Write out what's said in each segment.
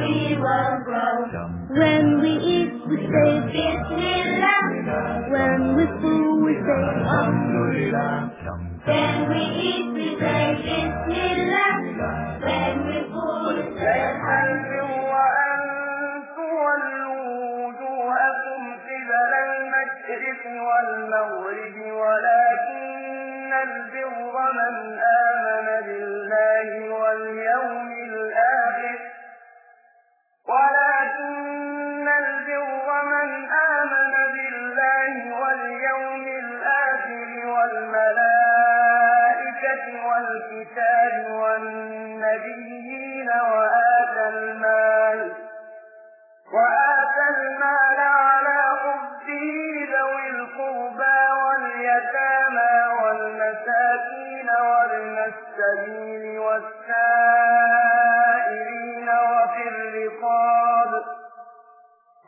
we will grow. When we eat, we say Bismillah. When we fool, we say Alhamdulillah. When we eat, we say Bismillah. When we fool, we say Alhamdulillah. والمغرب ولكن البر من آمن بالله واليوم الآخر ولكن البر من آمن بالله واليوم الآخر والملائكة والكتاب والنبيين وآتى المال وآتى المال على ذوي واليتامى والمساكين وابن والسائل الرقاب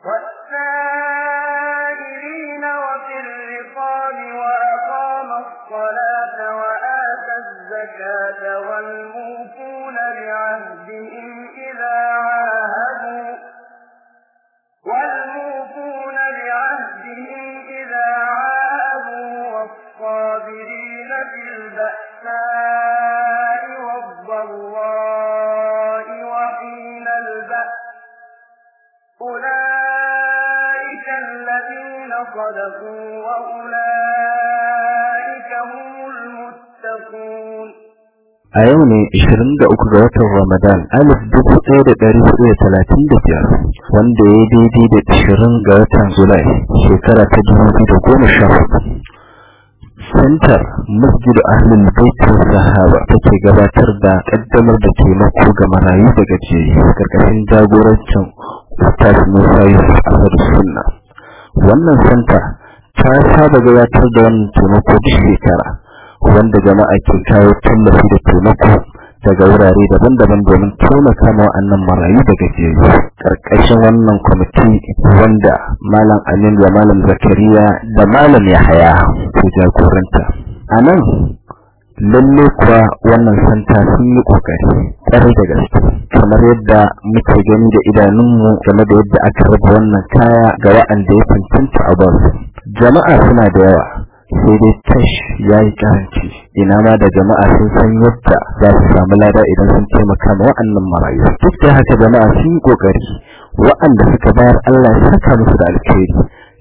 والسائرين وفي الرقاب وأقام الصلاة وآتى الزكاة والموفون بعهدهم إذا عاد صدقوا وأولئك هم المتقون a yau ne 23 ga watan Ramadan alif 1435 wanda ya daidai da 20 ga watan Julai shekara ta 2014 Center Masjid Ahlul Bait Sahaba take gabatar da kaddamar da taimako ga marayu daga jeri karkashin jagorancin Ustaz Musa Yusuf Ahmad Sunna wannan santa ta saba gabatar da wannan taimako duk shekara wanda jama'a ke kawo tallafi da taimako daga wurare daban-daban domin taimaka ma wa'annan marayu da gajiyayyu ƙarƙashin wannan kwamiti wanda malam amin da malam zakariya da malam yahaya ke jagoranta a nan lalle kuwa wannan santa sun yi kokari ƙwarai da gaske kamar yadda muke gani da idanunmu game da yadda aka raba wannan kaya ga wa'anda ya cancanta a bansu jama'a suna da yawa sai dai tash ya yi karanci ina ma da jama'a sun san yadda za su samu lada idan sun taimaka ma wa'annan marayu duk da haka jama'a sun yi kokari wa'anda suka bayar Allah ya saka musu da alkhairi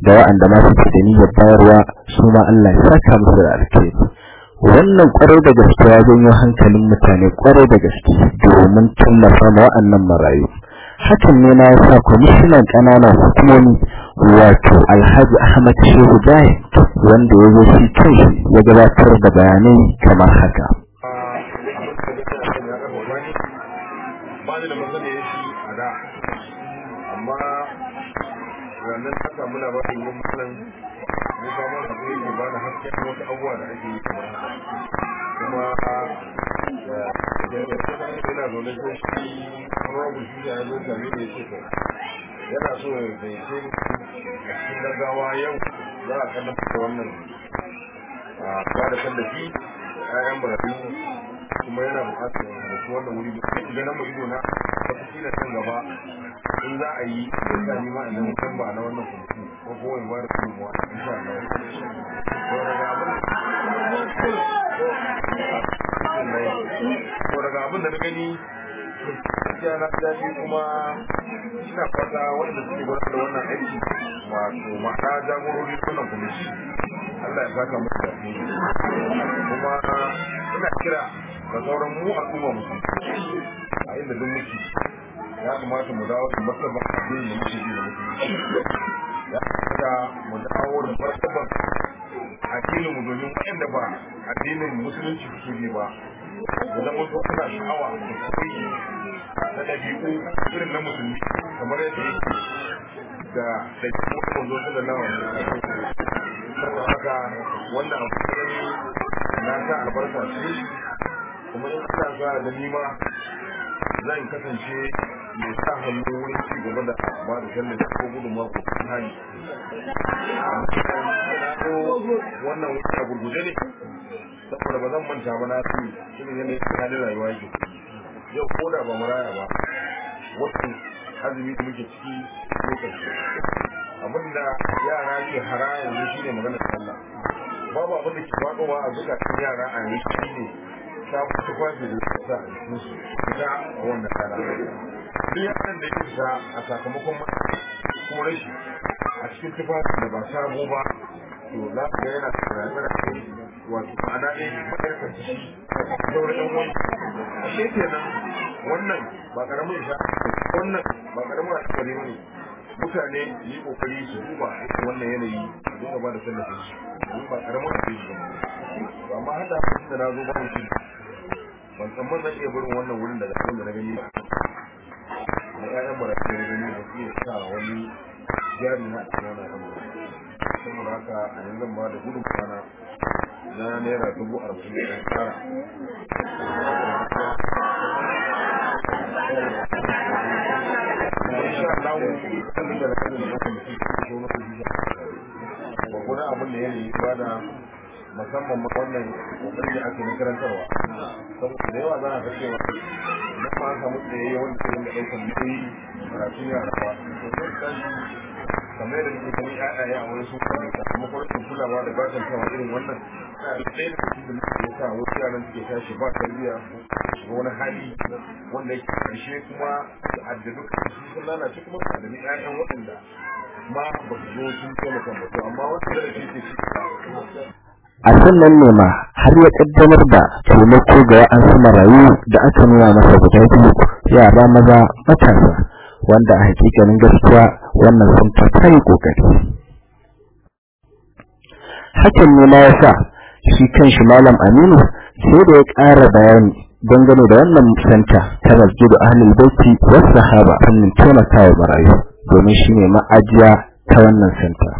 da wa'anda ma suke da niyyar bayarwa su ma Allah ya saka musu da alkhairi wannan kwarai da gaske ya janyo hankalin mutane kwarai da gaske domin tallafa ma wa'annan marayu hakan ne na yasa kwamishinan ƙananan hukumomi wato alhaji ahmad shehu jahid wanda ya zo shi kai ya gabatar da bayanai kamar haka yana zaune ko shi rabu shi da yana so ya zaice cikin gaggawa yau za a kallon da wannan a ba da tallafi ayan barabi kuma yana bukatar da su wannan wuri idan na ido na wata kan gaba in za a yi da ma idan mutum ba na wannan kuma kuma ba da kuma na gani gaskiya na daɗi kuma ina fata wanda suke gudanar da wannan aiki wato mata jagorori sunan shi. Allah ya saka musu da kuma ina kira ga sauran mu a al'umma mu. a inda duk muke ya kamata mu dawo da martaban abin da muke da muke ya kamata mu dawo da martaban addinin mu domin waɗanda ba addinin musulunci su ne ba da zama to suna sha'awa da ɗabi'u irin na musulmi kamar yadda yake da ɗabi'u da manzo shi da nawa saboda haka wannan amfani na sa albarka su. kuma in ka sa da nima zan kasance mai sa hannu wurin ci gaba da ba da shan da ko gudun mako kan hali wannan wata gurguje ne saboda ba zan manta ba na su irin yanayin halin rayuwa yake yau ko da ba mu raya ba wasu azumi da muke ciki lokaci abinda yara ke hara yanzu shine magana sallah babu abin da ke faɗowa a zukatan yara a yanzu shine shafi tufafi da sa a jikinsu fita a wannan rana duk yaran da yake fita a sakamakon kuma rashi a cikin tufafi da ba sabo ba wato za ka yana rayuwar wato ana ɗaya kenan wannan ba wannan ba ne mutane yi su duba wannan yanayi don gaba da tallafin su don ba ba hada da ba ban zan iya barin wannan wurin da zafin da na gani ba ƴaƴan da gani ba su iya sa wani jari na a cikin wannan saboda haka a yanzu ba da gudun kwana na naira dubu arba'in da tara wani abin da ya yi bada musamman wannan kokarin da ake na karantarwa saboda da yawa za a ga cewa na ma samu tsaye wanda ke yin da ɗaukar nauyi karatu yara ba kamar yadda nake gani ayaye a wani suka ne kuma rashin kulawa da ba ta kama irin wannan ɗaya da su da muke sa wasu yaran suke tashi ba tarbiyya ga wani hali wanda yake karshe kuma da addabi su sun lalace kuma su addabi ƴaƴan waɗanda ma ba su zo sun taimaka ba to amma wasu da ke ke ciki a sannan ne ma har ya kaddamar da taimako ga wa'ansu marayu da aka nuna masa guda biyu yara maza matasa wanda a hakikanin gaskiya wannan sun ta kai kokari hakan ne ma yasa shi shi malam Aminu sai da ya ƙara bayani dangane da wannan santa ta masjidu ahlul baiti wa sahaba fannin taimakawa marayu domin shi ne ma'ajiya ta wannan santa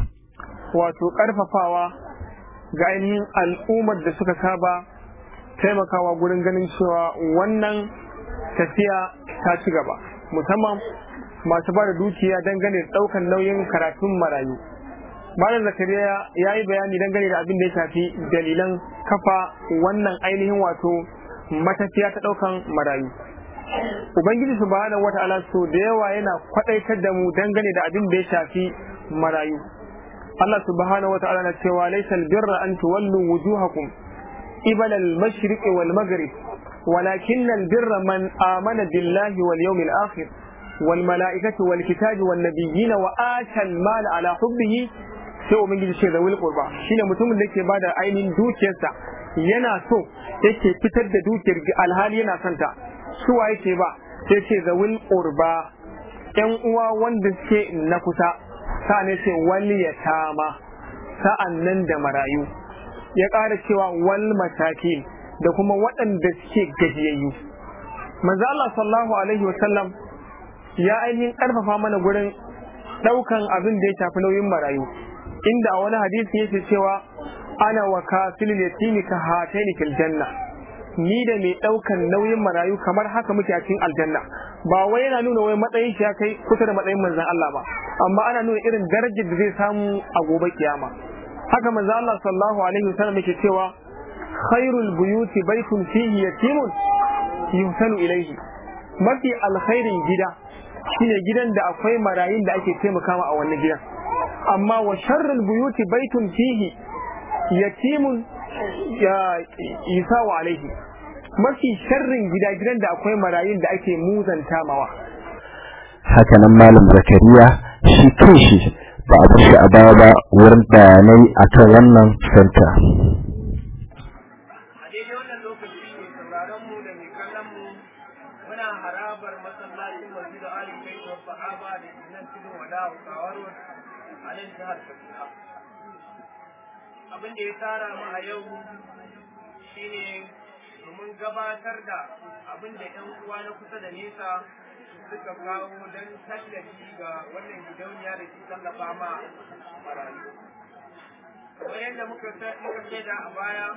wato karfafawa ga ainihin al'ummar da suka saba taimakawa gurin ganin cewa wannan tafiya ta ci gaba musamman masu ba da dukiya dangane da ɗaukan nauyin karatun marayu malam zakariya ya yi bayani dangane da abin da ya shafi dalilan kafa wannan ainihin wato matafiya ta ɗaukan marayu ubangiji su subhanahu wata alasu da yawa yana kwadaitar da mu dangane da abin da ya shafi marayu Allah subhanahu wata'ala na cewa laysal birra an tuwallu wujuhakum ibal al-mashriqi wal maghrib walakin al-birra man amana billahi wal mil akhir والملائكة والكتاب والنبيين kitabi المال على حبه sai mal ala ubangiji ce zawil mutumin da ke ba da ainihin dukiyarsa yana so yake fitar da dukiyar alhali yana santa su wa yake ba sai ce zawil qurba yan uwa wanda suke na kusa sa'an ce wal tama sa'an nan da marayu ya ƙara cewa wal mataki da kuma waɗanda suke gajiyayyu manzo Allah alaihi wa sallam ya ainihin karfafa mana gurin daukan abin da ya shafi nauyin marayu inda a wani hadisi yake cewa ana wa kafilin yatimi ka hataini fil janna ni da mai daukan nauyin marayu kamar haka muke a cikin aljanna ba wai yana nuna wai matsayin shi ya kai kusa da matsayin manzon Allah ba amma ana nuna irin darajar da zai samu a gobe kiyama haka manzon Allah sallallahu alaihi wasallam yake cewa khairul buyuti baitun fihi yatimun yuhsanu ilayhi mafi alkhairin gida shine gidan da akwai marayun da ake taimakawa a wannan gidan amma wa sharrul buyuti baitun fihi yatimun ya isa wa alaihi mafi sharrin gida gidan da akwai marayun da ake muzanta mawa haka nan malam zakariya shi shi ba a bar shi a baya ba wurin bayanai akan wannan santa nesa suka kawo don tallafi ga wannan gidauniya da ke tallafa ma marayu. Kamar yadda muka shaida a baya,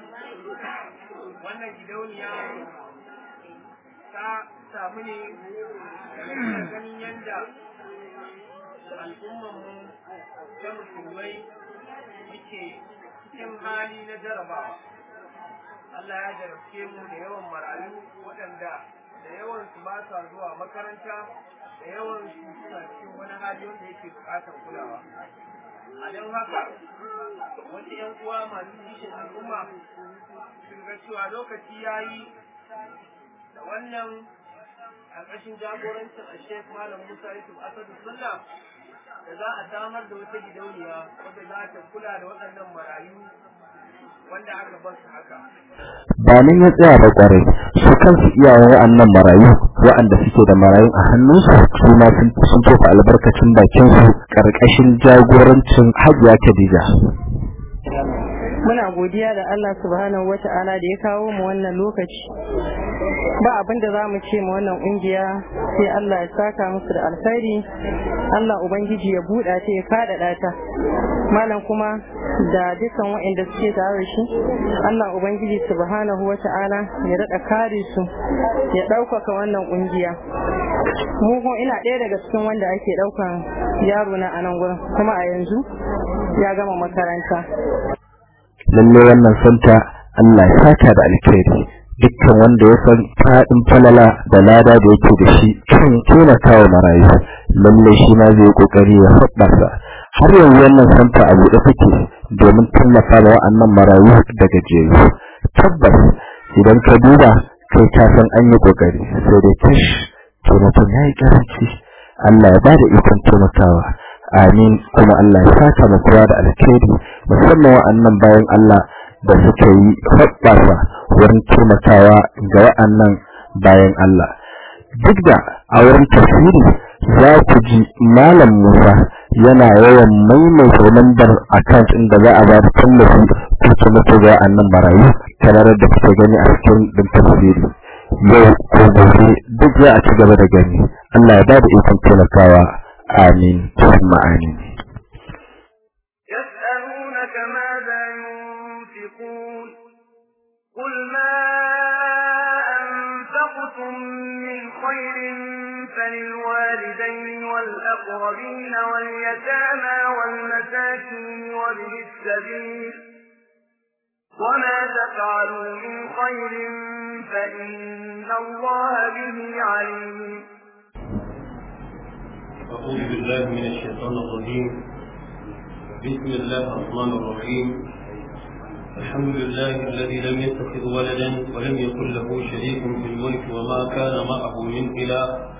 wannan gidauniya ta samu ne ganin yadda al'ummanmu ta musulmai yake cikin hali na jarabawa. Allah ya jarabce mu da yawan marayu waɗanda da yawan su ba sa zuwa makaranta da yawan su suna cikin wani hali wanda yake bukatar kulawa a don haka wani yan uwa masu kishin al'umma sun ga cewa lokaci ya yi da wannan ƙarƙashin jagorancin a shek malam musa yusuf asadu sunna da za a samar da wata gidauniya wadda za ta kula da waɗannan marayu ba nan ya tsaya da kwarai su kansu iyayen wa'annan marayu wa'anda suke da marayun a hannunsu su ma sun sun tofa albarkacin bakin su karkashin jagorancin Hajiya Khadija muna godiya da Allah subhanahu wata'ala da ya kawo mu wannan lokaci ba abin da za mu ce ma wannan ƙungiya sai Allah ya saka musu da alkhairi Allah ubangiji ya buɗa ta ya faɗaɗa ta malam kuma da dukkan waɗanda suke tare shi Allah ubangiji subhanahu wata'ala ya daɗa kare su ya ɗaukaka wannan ƙungiya. mu kuma ina ɗaya daga cikin wanda ake ɗaukan yaro na a nan gurin kuma a yanzu ya gama makaranta lalle wannan santa Allah ya saka da alkhairi dukkan wanda ya san fadin falala da lada da yake da shi kan cin taimakawa marayu lalle shi ma zai kokari ya haɓɓasa har yanzu wannan santa a buɗe take domin tallafa da wa'annan marayu daga jeri tabbas idan ka duba kai ka san an yi kokari sai dai kish taimakon ya yi karanci Allah ya bada ikon taimakawa amin kuma Allah ya saka mu da alkhairi musamman wa'annan bayan Allah da suka yi hoɓɓasa wurin taimakawa ga wa'annan bayan Allah duk da a wurin tafsiri za ku ji malam Musa yana yawan maimaita lambar a ɗin da za a ba da tallafi ko ta ga wa'annan marayu kamar da kuke gani a cikin ɗin tafsiri yau ko gobe duk za a ci gaba da gani Allah ya ba da ikon taimakawa amin kuma amin واليتامى والمساكين وابن السبيل وما تفعلوا من خير فإن الله به عليم أعوذ بالله من الشيطان الرجيم بسم الله الرحمن الرحيم الحمد لله الذي لم يتخذ ولدا ولم يكن له شريك في الملك وما كان معه من إله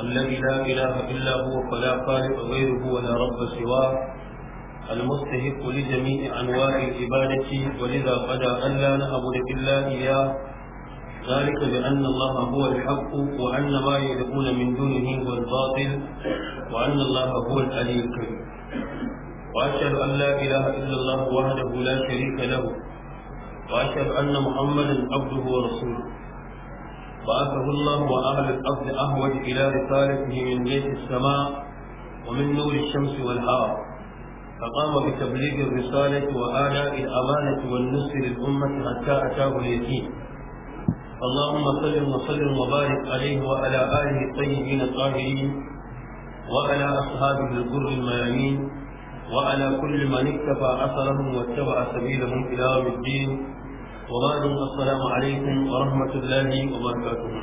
الذي لا إله إلا هو فلا خالق غيره ولا رب سواه المستحق لجميع أنواع العبادة ولذا قضى أن لا نعبد إلا إياه ذلك بأن الله هو الحق وأن ما يدعون من دونه هو الباطل وأن الله هو العلي الكريم وأشهد أن لا إله إلا الله وحده لا شريك له وأشهد أن محمدا عبده ورسوله بعثه الله وأهل الأرض أهود إلى رسالته من بيت السماء ومن نور الشمس والهواء فقام بتبليغ الرسالة وآلاء الأمانة والنصر للأمة حتى أتاه اليقين اللهم صل وسلم وبارك عليه وعلى آله الطيبين الطاهرين وعلى أصحابه الغر الميامين وعلى كل من اكتفى أثرهم واتبع سبيلهم إلى يوم الدين وبعد السلام عليكم ورحمة الله وبركاته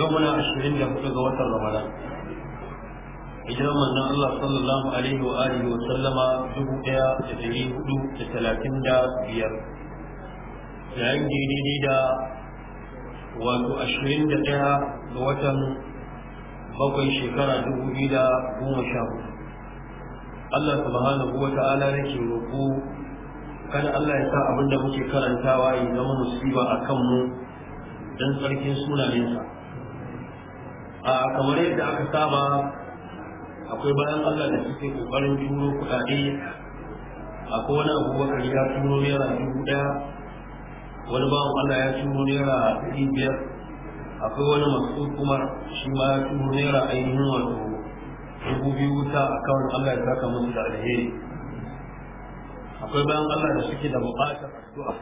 يومنا عشرين لفتق وتر رمضان hijirar manzon Allah sallallahu alaihi wa alihi wa sallama dubu ɗaya da ɗari hudu da talatin da biyar yayin daidai da wato ashirin da ɗaya ga watan bakwai shekara dubu biyu da goma sha hudu Allah kada Allah ya sa abin da muke karantawa ya zama musiba a kanmu don tsarkin sunayensa a kamar yadda aka saba akwai bayan Allah da suke kokarin turo kuɗaɗe akwai wani abubakar ya turo naira dubu ɗaya wani bawan Allah ya turo naira ɗari biyar akwai wani masu kuma shi ma ya turo naira ainihin wato dubu biyu ta akawun Allah ya saka musu da alheri akwai bayan Allah da suke da buƙatar addu'a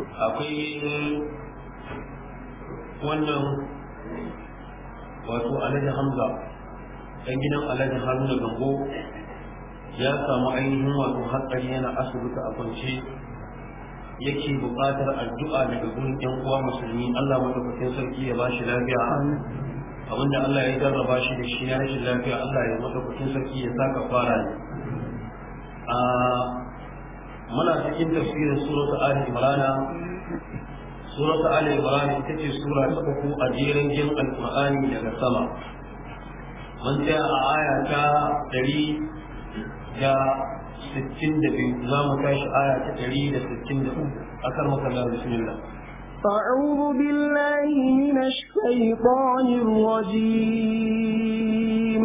akwai wannan wato alhaji hamza ɗan gidan alhaji haruna gambo ya samu ainihin wato hatsari yana asibiti a kwance yake buƙatar addu'a daga gurin yan uwa musulmi Allah madaukakin sarki ya bashi lafiya abinda Allah ya jarraba shi da shi ya rashin lafiya Allah ya madaukakin sarki ya saka fara ne muna cikin tafsirin surat ali imran surat ali imran ita ce sura ta uku a jerin jin alqur'ani daga sama mun a aya ta 100 da za mu kashi aya ta 163 akar makalla bismillah أعوذ بالله من الشيطان الرجيم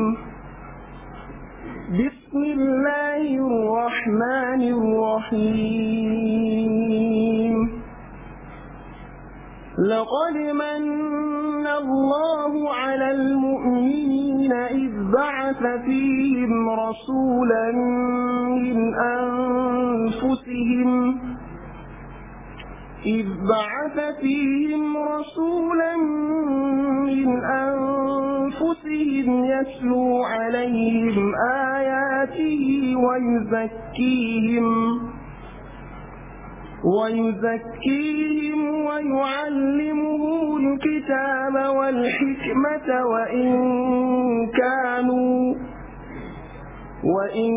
بسم بسم الله الرحمن الرحيم لقد من الله على المؤمنين إذ بعث فيهم رسولا من أنفسهم إذ بعث فيهم رسولا من أنفسهم يتلو عليهم آياته ويزكيهم ويزكيهم ويعلمهم الكتاب والحكمة وإن كانوا وإن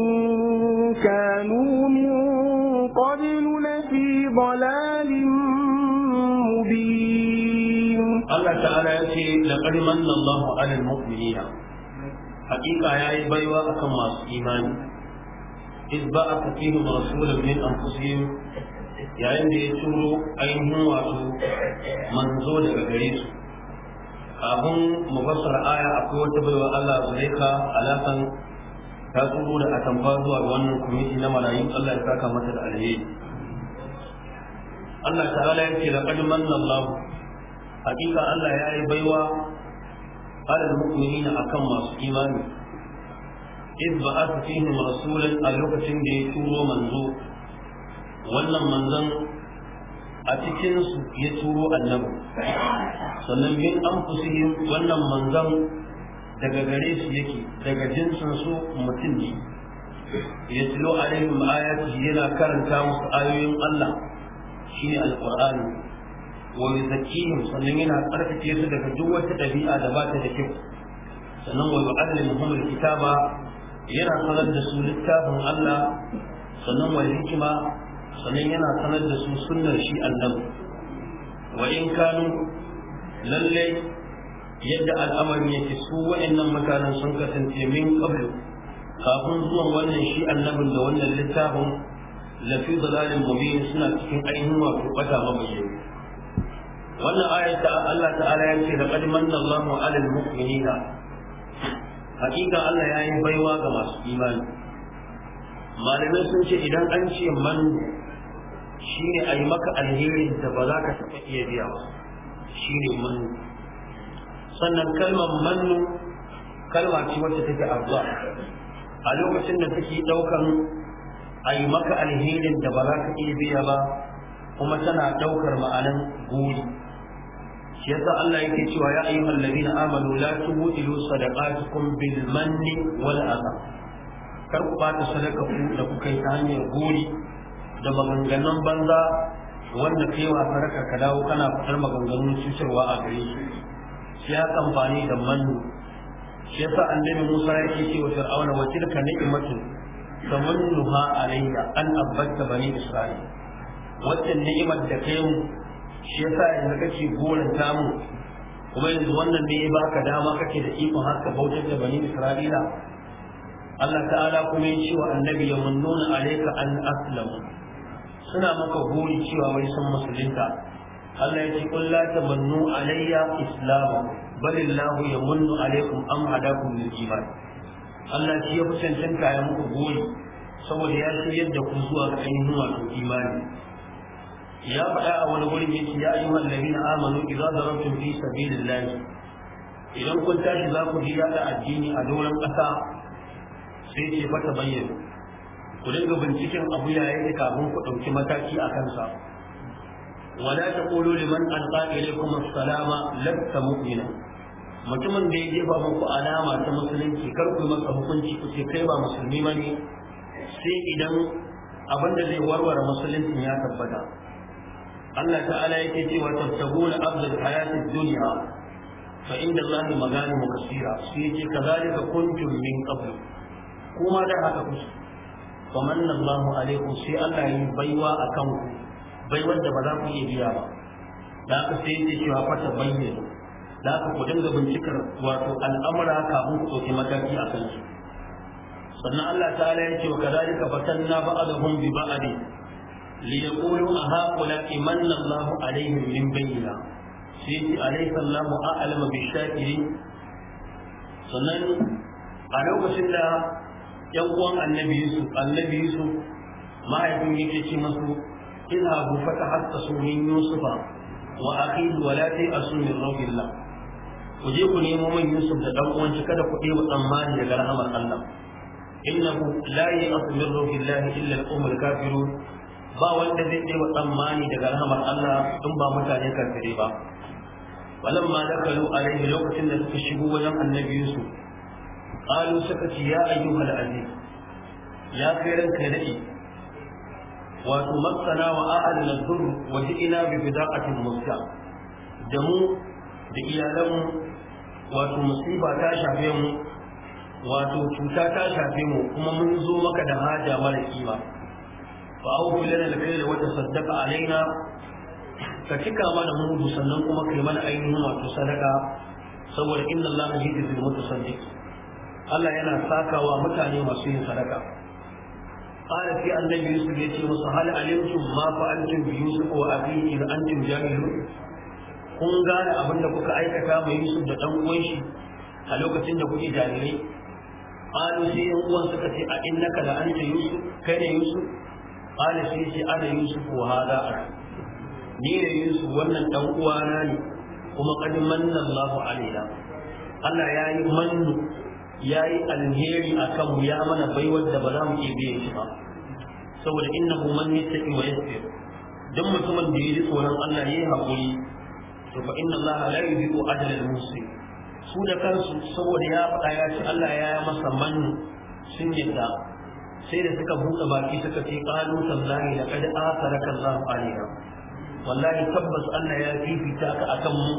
كانوا من قبل لفي ضلال مبين الله تعالى يأتي لقد من الله على المؤمنين حقيقة يا إبري وأكم إيمان إذ بعث فيهم رسولا من أنفسهم yayin da ya turo ainihin wato manzo daga gare su kafin mu fassara aya akwai wata baiwa Allah zulaika alasan ta tsoro da atamfa zuwa ga wannan kwamiti na marayu Allah ya saka mata da alheri Allah ta'ala ya ce da manna Allah hakika Allah ya yi baiwa alal mu'minina akan masu imani إذ بعث a lokacin da ya turo manzo. wannan manzon a cikinsu ya turo annabi sannan bin an wannan manzon daga gare su yake daga jinsin su mutum ne Ya yatlu alaihim ayatihi yana karanta musu ayoyin Allah Shi ne alqur'ani wa yuzakkihim sannan yana tsarkake su daga duk wata ɗabi'a da ba ta da kyau sannan wa yu'allimuhum kitaba yana sanar da su littafin Allah sannan wa hikima sannan yana sanar da su sunnar shi annabi wa in kanu lallai yadda al'amarin yake su wa'annan mutanen sun kasance min qablu kafin zuwan wannan shi annabin da wannan littafin lafi dalalin mubin suna cikin ainihin wato bata mabayyana wannan ayat Allah ta'ala ya ce da qad manna Allahu 'alal mu'minina hakika Allah ya yi baiwa ga masu imani malamai sun ce idan an ce man shine a maka alherin da ba za ka iya biya ba shine man sannan kalmar mannu kalma ce wacce take arza a lokacin da take daukan a yi maka alherin da ba za ka iya biya ba kuma tana daukar ma'anan guri shi yasa Allah yake cewa ya ayyuhal ladina amanu la tubdilu sadaqatukum bil manni wal adha kar ku bata sadaka ku da ku kai ta hanyar guri da maganganun banza wanda kai wa sadaka ka dawo kana fitar maganganun cutarwa a gare shi ya amfani da mannu shi yasa annabi Musa yake ce wa Fir'auna wa tilka ni'matu tamannuha alayya an abbata bani Isra'il wannan ni'imar da kai mu shi yasa yanzu kake goran tamu kuma yanzu wannan ne ya baka dama kake da ikon haka bautar da bani Isra'ila Allah ta'ala kuma ya ce wa annabi ya munnuna alayka an aslamu suna maka gori cewa wai sun musulunta Allah ya ce qul la tamannu alayya islamu bal illahu yamunnu alaykum am hadakum lil iman Allah ya fi cancanta ya muku goyi saboda ya ce yadda ku zuwa ga ainihin wato imani ya faɗa a wani ya yace ya ayyuhal ladina amanu da rabtu fi sabilillahi idan kun tashi za ku biya da addini a doron ƙasa sai ce fata bayyana ku dinga binciken abu yayin da kafin ku ɗauki mataki a kansa ولا تقولوا لمن ألقى إليكم السلام لست مؤمنا mutumin da ya jefa muku alama ta musulunci kar ku masa hukunci ku ce kai ba musulmi ba ne sai idan abin da zai warware musulunci ya tabbata Allah ta'ala yake cewa tabtaguna abdul hayati dunya fa inda Allah mu kasira sai yake kazalika kuntum min qabl kuma da haka kusa famanna Allahu alaikum sai Allah ya yi baiwa akan ku bai wanda ba za ku iya biya ba da aka sai yake cewa fata bayyana da aka ku dinga bincikar wato al'amura kafin ku ɗauki mataki a kansu sannan Allah ta'ala ya ce wa kadalika fatanna ba'dahum bi ba'di li yaqulu a haqula imanna Allahu alaihim min bayyina sai ce alaysa Allahu a'lam bi shakirin sannan a lokacin da yan uwan annabi Yusuf annabi Yusuf mahaifin yake ce masu اذهبوا فتحسسوا من يوسف واخيه ولا تيأسوا من روح الله ku je ku nemo min Yusuf da dan uwanci kada ku ɗeba tsammani daga rahamar Allah innahu la yaqu min ruhillahi illa al-ummul kafirun ba wanda zai ɗeba tsammani daga rahamar Allah in ba mutane kafire ba walamma dakalu alaihi lokacin da suka shigo wajen annabi Yusuf qalu suka ya ayyuhal aziz ya kai ranka dadi wato matsana wa a'adina zur wa ji'ina bi bidaqatin musya da mu da iyalanmu wato musiba ta shafe mu wato cuta ta shafe mu kuma mun zo maka da haja mara kima fa auku lana alkhair wa tasaddaq alaina ka cika mana mudu sannan kuma kai mana ainihin wato sadaka saboda inna allaha yajzi al-mutasaddiq Allah yana sakawa mutane masu yin sadaka قال في النبي يوسف يتي musu hal alimtum ma fa'altum bi yusuf wa akhihi in antum jahilun kun gane abin da kuka aikata mai yusuf da dan uwan a lokacin da kuke jarirai? qalu sai yan uwan suka ce a innaka la anta yusuf kai ne yusuf qala sai ce ana yusuf wa hada ni ne yusuf wannan dan uwana ne kuma qad manna Allahu alaina Allah ya yi mannu ya yi alheri a kanmu ya mana baiwar da ba za mu iya biyan shi ba saboda innahu man yattaqi wa yasbir duk mutumin da ya ji tsoron Allah yayi hakuri to fa inna Allah la yudhi'u ajra al-muhsin su da kansu saboda ya faɗa ya ce Allah ya yi masa mannu sun yadda sai da suka buɗe baki suka ce qalu tallahi laqad atharaka Allah alaina wallahi tabbas Allah ya fifita ka akan mu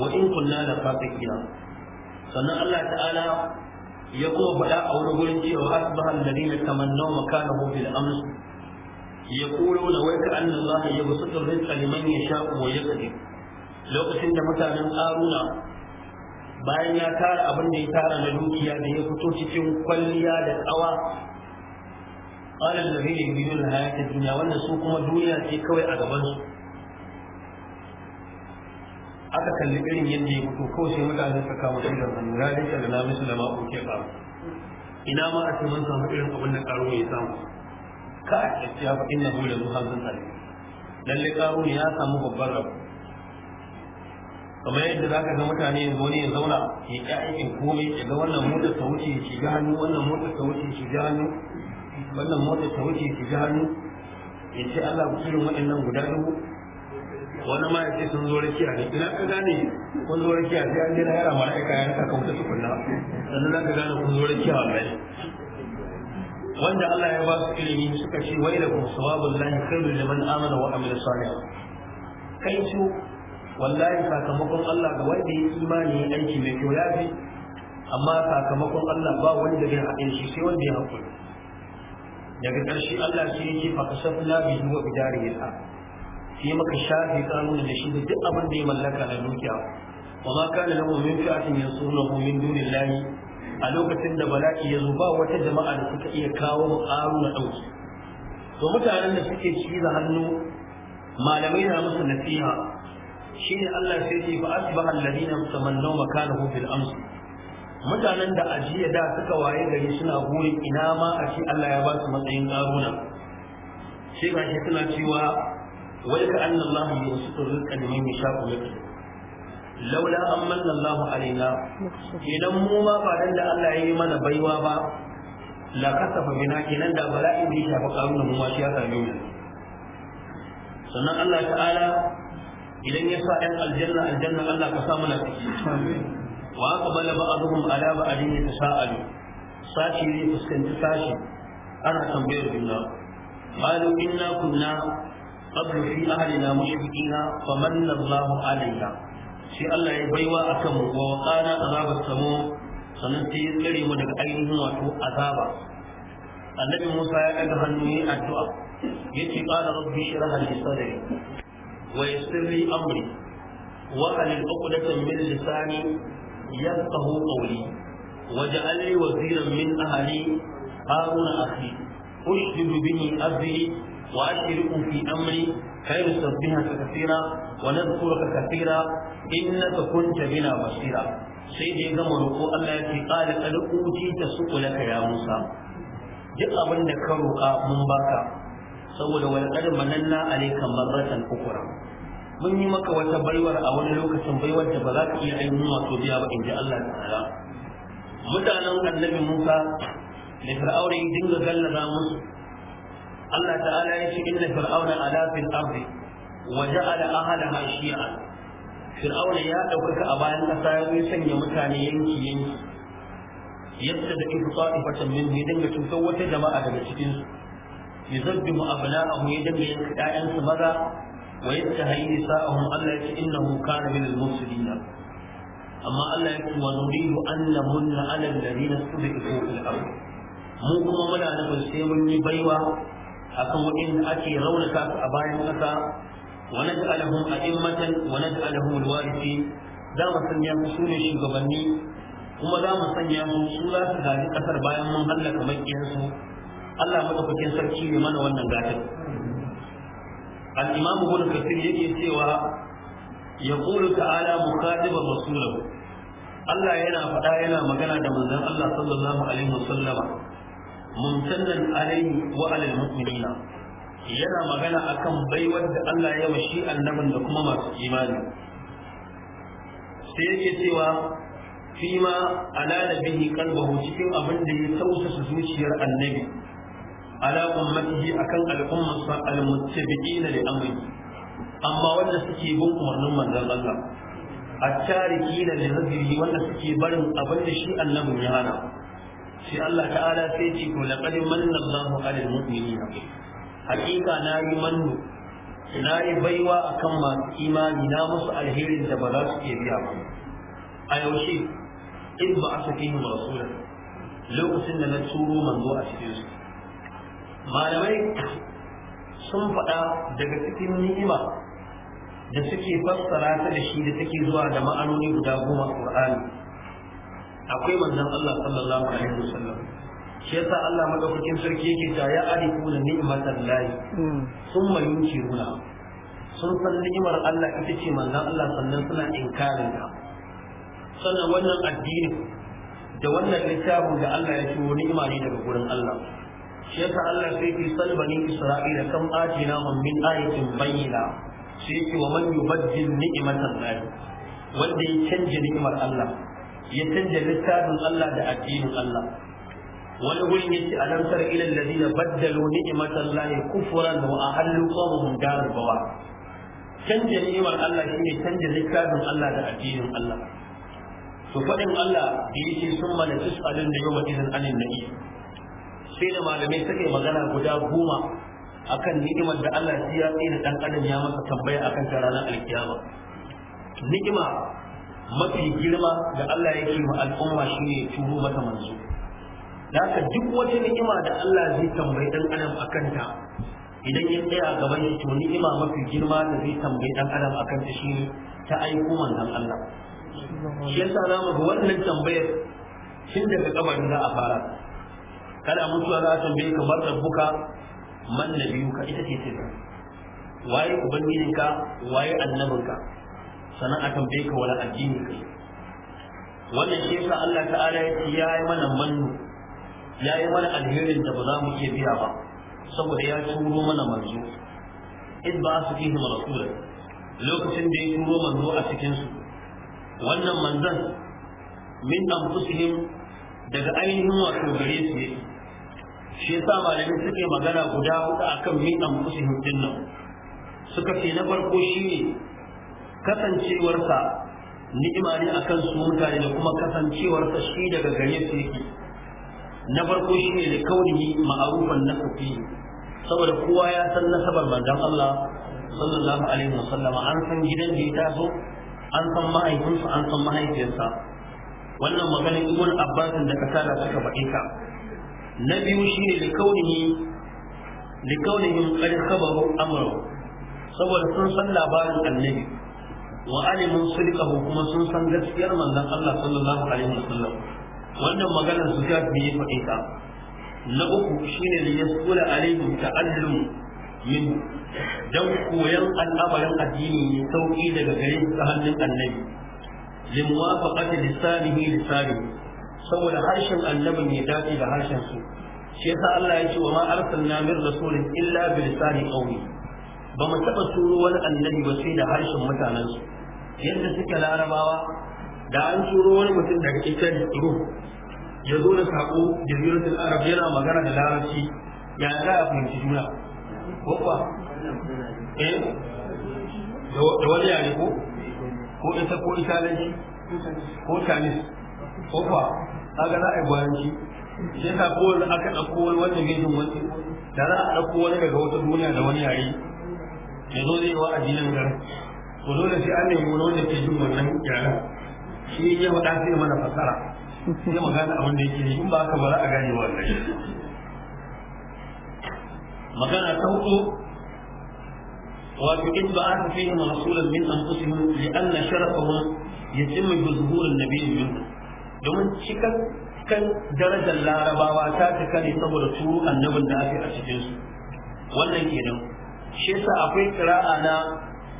wa in kunna la fatiqina sannan Allah ta'ala ya kuma faɗa a wani gurin cewa asbaha alladhina tamannaw makanahu bil amr yaquluna wa ka anna allaha yabsutu rizqa liman yasha'u wa yaqdir lokacin da mutanen aruna bayan ya tara abin da ya tara na dukiya da ya fito cikin kwalliya da tsawa qala alladhina na hayata dunya wannan su kuma duniya ce kawai a gaban su aka kalli irin yadda ya fito kawai sai mutane suka kama shi da hannu ya shi da na mishi da mako ke faru ina ma a cikin samu irin abin da karo ya samu ka a ce ya faɗin na bude zuwa zuhansun tsari lalle karo ne ya samu babban rabu kamar yadda za ka ga mutane yanzu wani ya zauna ya ƙi aikin komai ya ga wannan mota ta wuce ya shiga hannu wannan mota ta wuce ya shiga hannu wannan mota ta wuce ya shiga hannu ya ce Allah ku irin waɗannan guda dubu wani ma yace sun zo rakiya ne ina ka gane kun zo rakiya sai an je yara mala'ika ya raka kauta su kunna sannan za ka gane kun zo rakiya wallahi wanda Allah ya ba su ilimi suka ce wai da kuma sawabul lahi khairu liman amana wa amila salih kai su wallahi sakamakon Allah ga wanda ya imani aiki mai kyau ya fi amma sakamakon Allah ba wanda zai haɗe shi sai wanda ya haƙuri daga ƙarshe Allah sai ya ce fa kasafna bihi wa bidarihi al yi maka shafi kanun da shi da duk abin da ya mallaka na dukiya wa ma kana lahu min fi'atin yansuruhu min dunillahi a lokacin da bala'i ya zo ba wata jama'a da suka iya kawo mu ƙaru na ɗauki to mutanen da suke ciza hannu malamai na musu nasiha shine Allah sai ce fa asbaha alladhina tamannaw makanahu fil ams mutanen da ajiya da suka waye gari suna burin ina ma a ce Allah ya ba su matsayin ƙaruna sai ba shi suna cewa wai ka anna Allah yusitu rizqa liman yasha'u yaqdir laula an manna Allah alaina idan mu ba dan da Allah yayi mana baiwa ba la kasafa bina kenan da bala'i bai shafa karunan mu ma shi ya same sannan Allah ta'ala idan ya sa ɗan aljanna aljanna Allah ka sa mana ciki wa fuskanci ana tambayar juna qalu inna kunna abdu fi ahlina mushrikina famanna Allahu alaina sai Allah ya baiwa akan mu wa a azabar samu sannan sai ya tsare mu daga ainihin wato azaba annabi Musa ya daga hannu yin addu'a yace qala rabbi shrah li sadri wa yassir li amri wa halil 'uqdatan min lisani yafqahu waziran min وأشركوا في أمري كي نسبحك كثيرا ونذكرك كثيرا إنك كنت بنا بصيرا سيدي كما رقو الله يكي قال قد أوتيت سؤلك يا موسى duk abin da ka roƙa mun baka saboda walƙar mananna alaika marratan ukura mun yi maka wata baiwar a wani lokacin baiwar da ba za ka iya ainihin wato biya ba inji Allah ta'ala mutanen annabi Musa da fir'aure dinga gallaza musu Allah ta'ala ya ce inna fir'auna ala fil ardi wa ja'ala ahlaha shi'a fir'auna ya ɗaukaka a bayan ƙasa ya zo sanya mutane yanki yanki yadda da ifu qa'ifatan min ya dinga cutar wata jama'a daga cikin su yuzabbihu abna'ahu ya dinga yanka ƴaƴansu maza wa yastahi nisa'ahum Allah ya ce innahu kana min al-mufsidin amma Allah ya ce wa nuridu an namunna ala alladhina stud'ifu fil ardi mu kuma muna nufin sai mun yi baiwa akan waɗanda ake raunata su a bayan ƙasa wa naj'aluhum a'immatan wa naj'aluhum alwarithin za mu sanya su sune shugabanni kuma za mu sanya su su za su gaji ƙasar bayan mun hallaka makiyansu Allah madaukakin sarki ne mana wannan gatar al-imam ibn kathir yake cewa yaqulu ta'ala mukhatiba rasulahu Allah yana faɗa yana magana da manzon Allah sallallahu alaihi wasallama mumtannan alaihi wa alal mu'minina yana magana akan baiwar da Allah ya shi annabin da kuma masu imani sai yake cewa fima alala bihi qalbahu cikin abin da ya tausasa zuciyar annabi ala ummatihi akan al almuttabi'ina li amri amma wanda suke bin umarnin manzon Allah at-tarikina li nazrihi wanda suke barin abin da shi annabin ya hana sai Allah ta'ala sai ce to laqad manna Allahu 'alal mu'minina hakika na yi mannu na yi baiwa akan masu imani na musu alherin da ba za su iya biya ba a yaushe in ba a sake lokacin da na turo manzo a cikin su malamai sun faɗa daga cikin ni'ima da suke fassara ta da shi da take zuwa da ma'anoni guda goma a ƙur'ani akwai manzon Allah sallallahu alaihi wasallam shi yasa Allah madaukakin sarki yake ta ya arifu da ni'matan lahi sun mai yuce runa sun san ni'imar Allah ita ce manzon Allah sannan suna inkarin ta sannan wannan addini da wannan littafin da Allah ya turo ni'ima ne daga gurin Allah shi yasa Allah sai ke salbani Isra'ila kam atina hum min ayatin bayyina sai yake wa man yubaddil ni'matan lahi wanda ya canje ni'imar Allah ya canja littafin Allah da addinin Allah wani gurin ya ce alam tara ila alladhina baddalu ni'matallahi kufran wa ahallu qawmuhum darul bawar canja ni'imar Allah shine canja littafin Allah da addinin Allah to faɗin Allah da yake sun mana tus'alun da yawma idin anin nabi sai da malamai suka yi magana guda goma akan ni'imar da Allah ya tsira da dan adam ya masa tambaya akan ta ranar alkiyama ni'ima mafi girma da Allah yake ma al'umma shi ne turo mata manzo haka duk wata ni'ima da Allah zai tambayi dan adam akan ta idan ya tsaya gaban shi to ni'ima mafi girma da zai tambayi dan adam akan ta ne ta aiko manzon Allah shi yasa mu ga wannan tambayar shin daga kabarin za a fara kada mutuwa za a tambaye ka bar rabbuka man nabiyuka ita ce sirri waye ubangijinka waye annabinka sannan akan bai ka wani addini kai wannan shi yasa Allah ta'ala ya ce ya yi mana mannu ya yi mana alherin da ba za mu iya biya ba saboda ya turo mana manzo In ba su fi fihi rasula lokacin da ya turo manzo a cikin su wannan manzon min anfusihim daga ainihin wato gare su ne shi yasa malamin suke magana guda huɗu akan min anfusihim din nan suka ce na farko ne. kasancewarsa ni'ima ne akan su mutane da kuma kasancewarsa shi daga gare su yake na farko shi ne da kaunihi ma'arufan nasafi saboda kowa ya san nasabar manzon Allah sallallahu alaihi wasallama an san gidan da ya taso an san mahaifinsa an san mahaifiyarsa wannan maganin ibn abbas da kasala suka faɗi ka na biyu shine da kaunihi da kaunihin qad khabaru amru saboda sun san labarin annabi wa alimun sulqahu kuma sun san gaskiyar manzon Allah sallallahu alaihi wasallam wannan maganar su ta biye faɗe na uku shine li yasula alaihim ta'allum min dan koyan al'amarin addini ne sauki daga gare su ta hannun annabi limuwafaqati lisanihi lisanihi saboda harshen annabin ya dace da harshen su shi yasa Allah ya ce wa ma arsalna min rasulin illa bi lisani qawmi ba mu taɓa turo wani annabi ba sai da harshen mutanensu yadda suka larabawa da an turo wani mutum daga ita rum ya zo da saƙo jaziratul arab yana magana da larabci ya za a fahimci juna babba eh da wani yare ko ko ita ko italanci ko tanis ko kwa kaga za a yi gwaranci sai ka kowane aka ɗauko wani wanda bai jin wani da za a ɗauko wani daga wata duniya da wani yare ya zo zai wa'azi nan garin to dole sai an nemi wani wanda ke jin wannan yaran shi ya faɗa sai mana fasara sai magana gane abin da yake in ba haka ba za a gane wannan magana ta hudu wato in ba aka fi yin rasulun min an ya anfusihim li anna sharafahum yatimmu bi zuhurin biyu min domin cikar kan darajar larabawa ta cika ne saboda turu annabin da ake a cikinsu wannan kenan shi yasa akwai qira'a na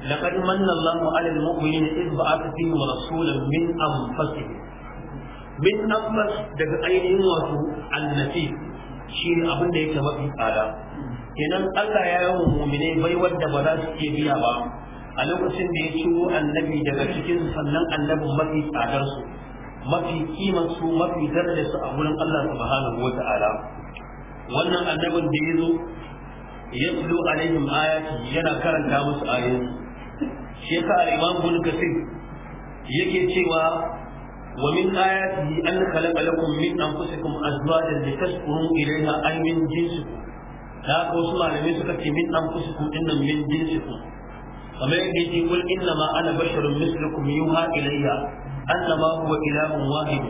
laqad manna Allahu 'alal mu'minina id ba'atha fihim rasulan min anfusihim min anfus daga ainihin wato annabi ne abin da yake mafi tsada kenan Allah ya yi mu'mine bai wanda ba za su iya biya ba a lokacin da ya ciro annabi daga cikin sannan annabin mafi tsadar su mafi kimar su mafi darajar su a wurin Allah subhanahu wata'ala wannan annabin da ya zo yatlu alaihim ayati yana karanta musu ayoyi shi yasa al-imam ibn kasir yake cewa wa min ayatihi an khalaqa lakum min anfusikum azwajan litaskunu ilayha ay min jinsikum da wasu malamai suka ce min anfusikum dinnan min jinsikum kamar yadda yake kul inna ma ana basharun mislukum yuha ilayya annama huwa ilahun wahid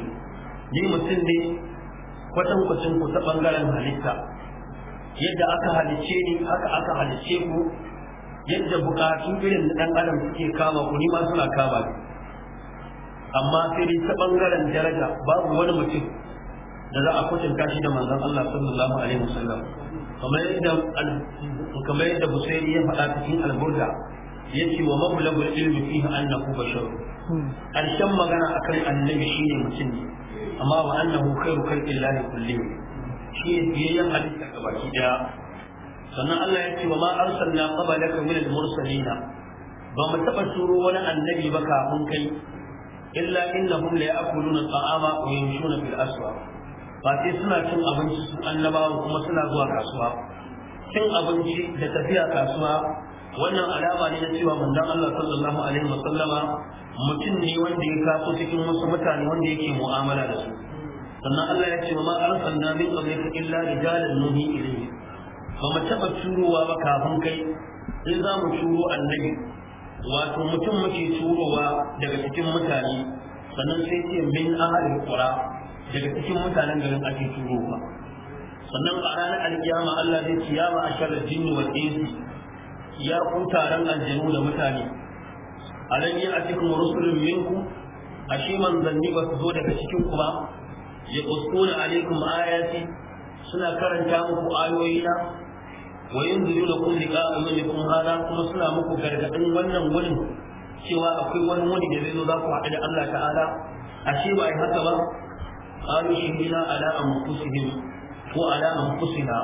ni mutum ne kwatankwacin ku ta bangaren halitta yadda aka halicce ni haka aka halicce ku yadda bukatu irin na dan adam suke kama ku ni ma suna kama ni amma sai dai ta bangaren daraja babu wani mutum da za a kwatanta shi da manzon Allah sallallahu alaihi wasallam kamar yadda kamar yadda Busairi ya faɗa cikin alburda yace wa mablagul ilmi fihi annahu bashar karshen hmm. magana akan annabi shine mutum ne amma wa annahu khairu khalqillahi kullihim shi ne biyayyen halitta ga baki daya sannan Allah ya ce wa ma arsalna qablaka min al-mursalin ba mu taba turo wani annabi ba kafin kai illa innahum la ya'kuluna at-ta'ama wa yamshuna fil aswaq ba sai suna cin abinci su annabawa kuma suna zuwa kasuwa cin abinci da tafiya kasuwa wannan alama ne na cewa manzon Allah sallallahu alaihi wasallama mutum ne wanda ya kaso cikin wasu mutane wanda yake mu'amala da su sannan Allah ya ce wa ma arsalna min qablika illa rijalan nuhi ilayhi ba mu taba turowa ba kafin kai sai za mu turo annabi wato mutum muke turowa daga cikin mutane sannan sai ce min ahlil qura daga cikin mutanen garin ake turowa sannan a ranar alkiyama Allah zai kiyama a sharar jinni wal insi ya ku taron aljanu da mutane alan yi a cikin rusulun minku ashe manzanni ba su zo daga cikin ku ba yaqussuna alaikum ayati suna karanta maku ayoyina wa yunzirukum liqa'a yawmikum hada kuma suna muku gargadin wannan wurin cewa akwai wani wani da zai zo za ku haɗu da Allah ta'ala ashe ba ai haka ba qalu shahidna ala anfusihim wa ala anfusina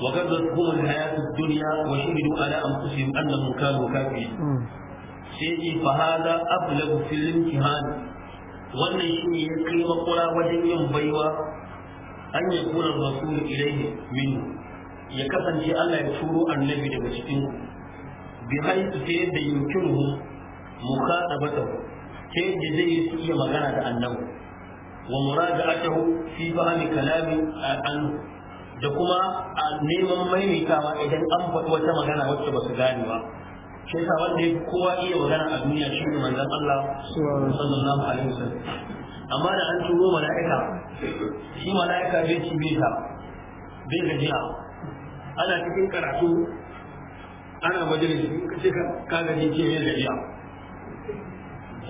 wa gaddatkum alhayatu ad-dunya wa shahidu ala anfusihim annahum sai wannan shi ne ya kai makura wajen yin baiwa an yi kura rasulu ilaihi min ya kasance Allah ya turo annabi daga cikin bi haitu ta yadda da bata ta yadda zai yi su iya magana da annabi wa hu fi fahmi kalami an da kuma a neman maimaitawa idan an faɗi wata magana wacce ba su gane ba shi yasa wanda ya kowa iya magana a duniya shi ne manzon Allah sallallahu alaihi wasallam amma da an turo mala'ika shi mala'ika bai ci bai ta bai gajiya ana cikin karatu ana majalisi in ka ce ka gaji ce bai gajiya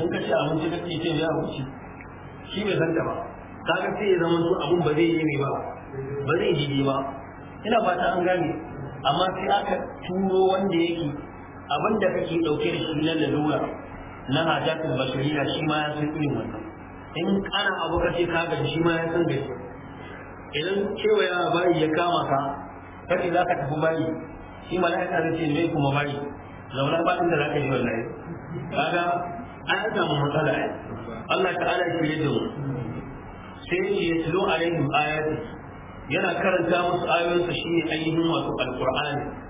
in ka ce abinci ka ce bai abinci shi bai san ta ba kaga sai ya zama abun ba zai yi ne ba ba zai yi ba ina fata an gane amma sai aka turo wanda yake abin da kake ɗauke da shi na lalura na hajjatul bashariya shi ma ya san irin wannan in kana abu kace ka ga shi ma ya san gaske idan cewa ya bayi ya kama ka kace za ka tafi bayi shi mala'ika zai ce mai kuma bayi zauna ba inda za ka yi wallahi kaga an samu matsala ai Allah ta'ala shi da mu sai ya tilo alaihim ayati yana karanta musu ayoyinsa shine ainihin wato alqur'ani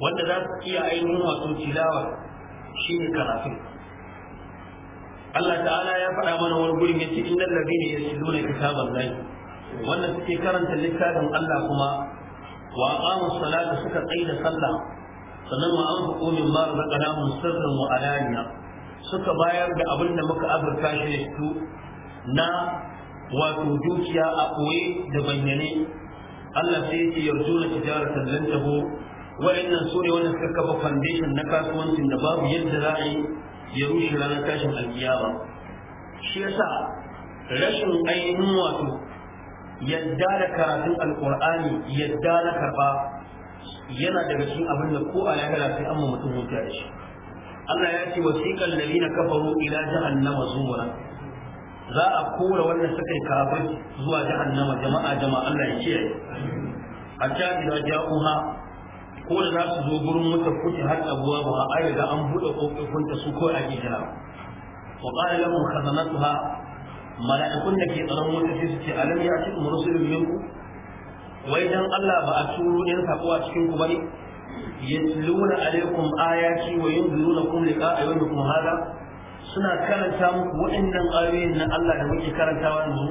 wanda za su iya ainihin wato tilawa shine karatun Allah ta'ala ya faɗa mana wani gurin yace innal ladina yasluna kitaballahi wanda suke karanta littafin Allah kuma wa aqamu salata suka tsaida sallah sannan wa anfiqu mimma razaqnahum sirran a alaniya suka bayar da abin da muka azurta shi ne su na wato dukiya a koye da bayyane Allah sai ya ce na tijaratan lan wa'annan su ne wanda suka kafa foundation na kasuwancin da babu yadda za a yi ya rushe ranar tashin alkiyama shi yasa rashin ainihin wato yadda da karatun alkur'ani yadda na karba yana daga cikin abin da ko a lahira sai an mutum huta da shi Allah ya ce wasiqal ladina kafaru ila jahannama zumura za a kora wannan suka yi kafin zuwa jahannama jama'a jama'a Allah ya kiyaye hatta idza ja'uha ko da za su zo gurin mutu kuke har abuwa ba a riga an buɗe kofofinta su ko a jira wa qala lahum khazanatuha mala'ikun da ke tsaron wuta sai su ce alam ya ci rusulun ku. wai dan Allah ba a turo ɗin sako a cikin ku bane yatluna alaikum ayati wa yunzirunakum liqa'a yawmikum hada suna karanta muku waɗannan ayoyin na Allah da muke karantawa yanzu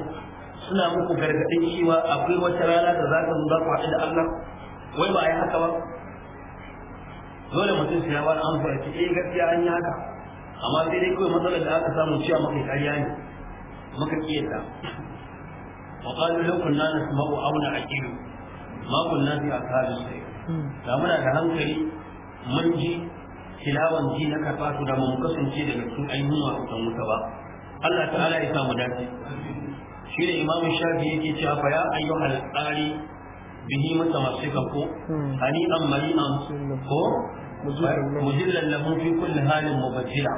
suna muku gargaɗin cewa akwai wata rana da za ta zo za ku haɗu da Allah wai ba a yi haka ba dole mutum sai ya bar an fa ce eh gaskiya an yi haka amma sai dai kawai matsalar da aka samu cewa Maka ƙarya ne muka kiyata wa qalu law kunna nasma'u aw na'qilu ma kunna fi ashabis sayr hmm. da muna da hankali mun ji tilawan ji na karfa su da mun kasance daga cikin ainihin wasan wuta ba Allah ta'ala ya samu dace shi ne imamu shafi yake cewa fa ya ayyuhal qari bihi mutamassikan ko hmm. hani an mari'an ko مجلا له في كل حال مبجلا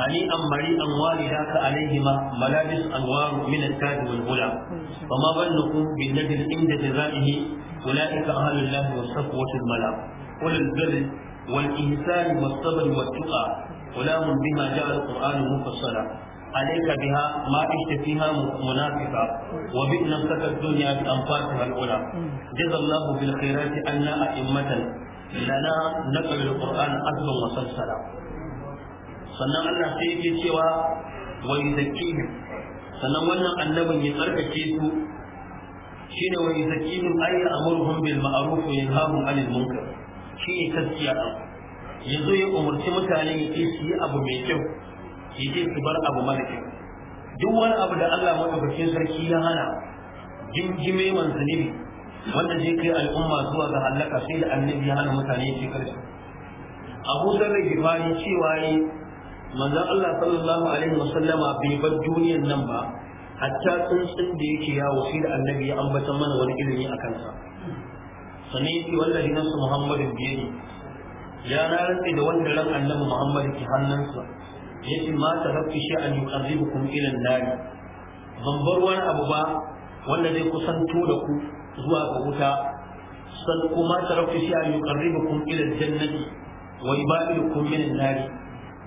هنيئا مريئا والداك عليهما ملابس انوار من التاج والغلا وما ظنكم بالنجل عند جزائه اولئك اهل الله والصفوه الملا قل البر والاحسان والصبر والتقى غلام بما جاء القران مفصلا عليك بها ما عشت فيها منافقا وبئنا امسك الدنيا بانفاسها العلى جزى الله بالخيرات عنا ائمه lana naqal alquran azban wa salsala sannan Allah sai yake cewa wa yuzakkihim sannan wannan annabin ya tsarkake su shine ne, a ay amruhum bil ma'ruf wa yanhahum 'anil shi ne taskiya yanzu ya zo ya umarci mutane ya ce su yi abu mai kyau ya ce su bar abu mara kyau duk wani abu da Allah madaukakin sarki ya hana jimjime man ne. wanda zai kai al'umma zuwa ga halaka sai da annabi ya hana mutane ce karshe abu zarra gifari cewa yi manzon Allah sallallahu alaihi wasallama bai bar duniyar nan ba hatta tsuntsun da yake yawo sai da annabi ya ambata mana wani ilimi a kansa sannan yake wallahi nasu muhammadin biyani ya na rantse da wanda ran annabi muhammad ki hannunsa yace ma taraktu shay'an yuqarribukum ila an-nar ban bar wani abu ba wanda zai kusanto da ku zuwa ga wuta san kuma tarabtu shi an yuqarribukum ila jannati wa yubaidukum min an-nar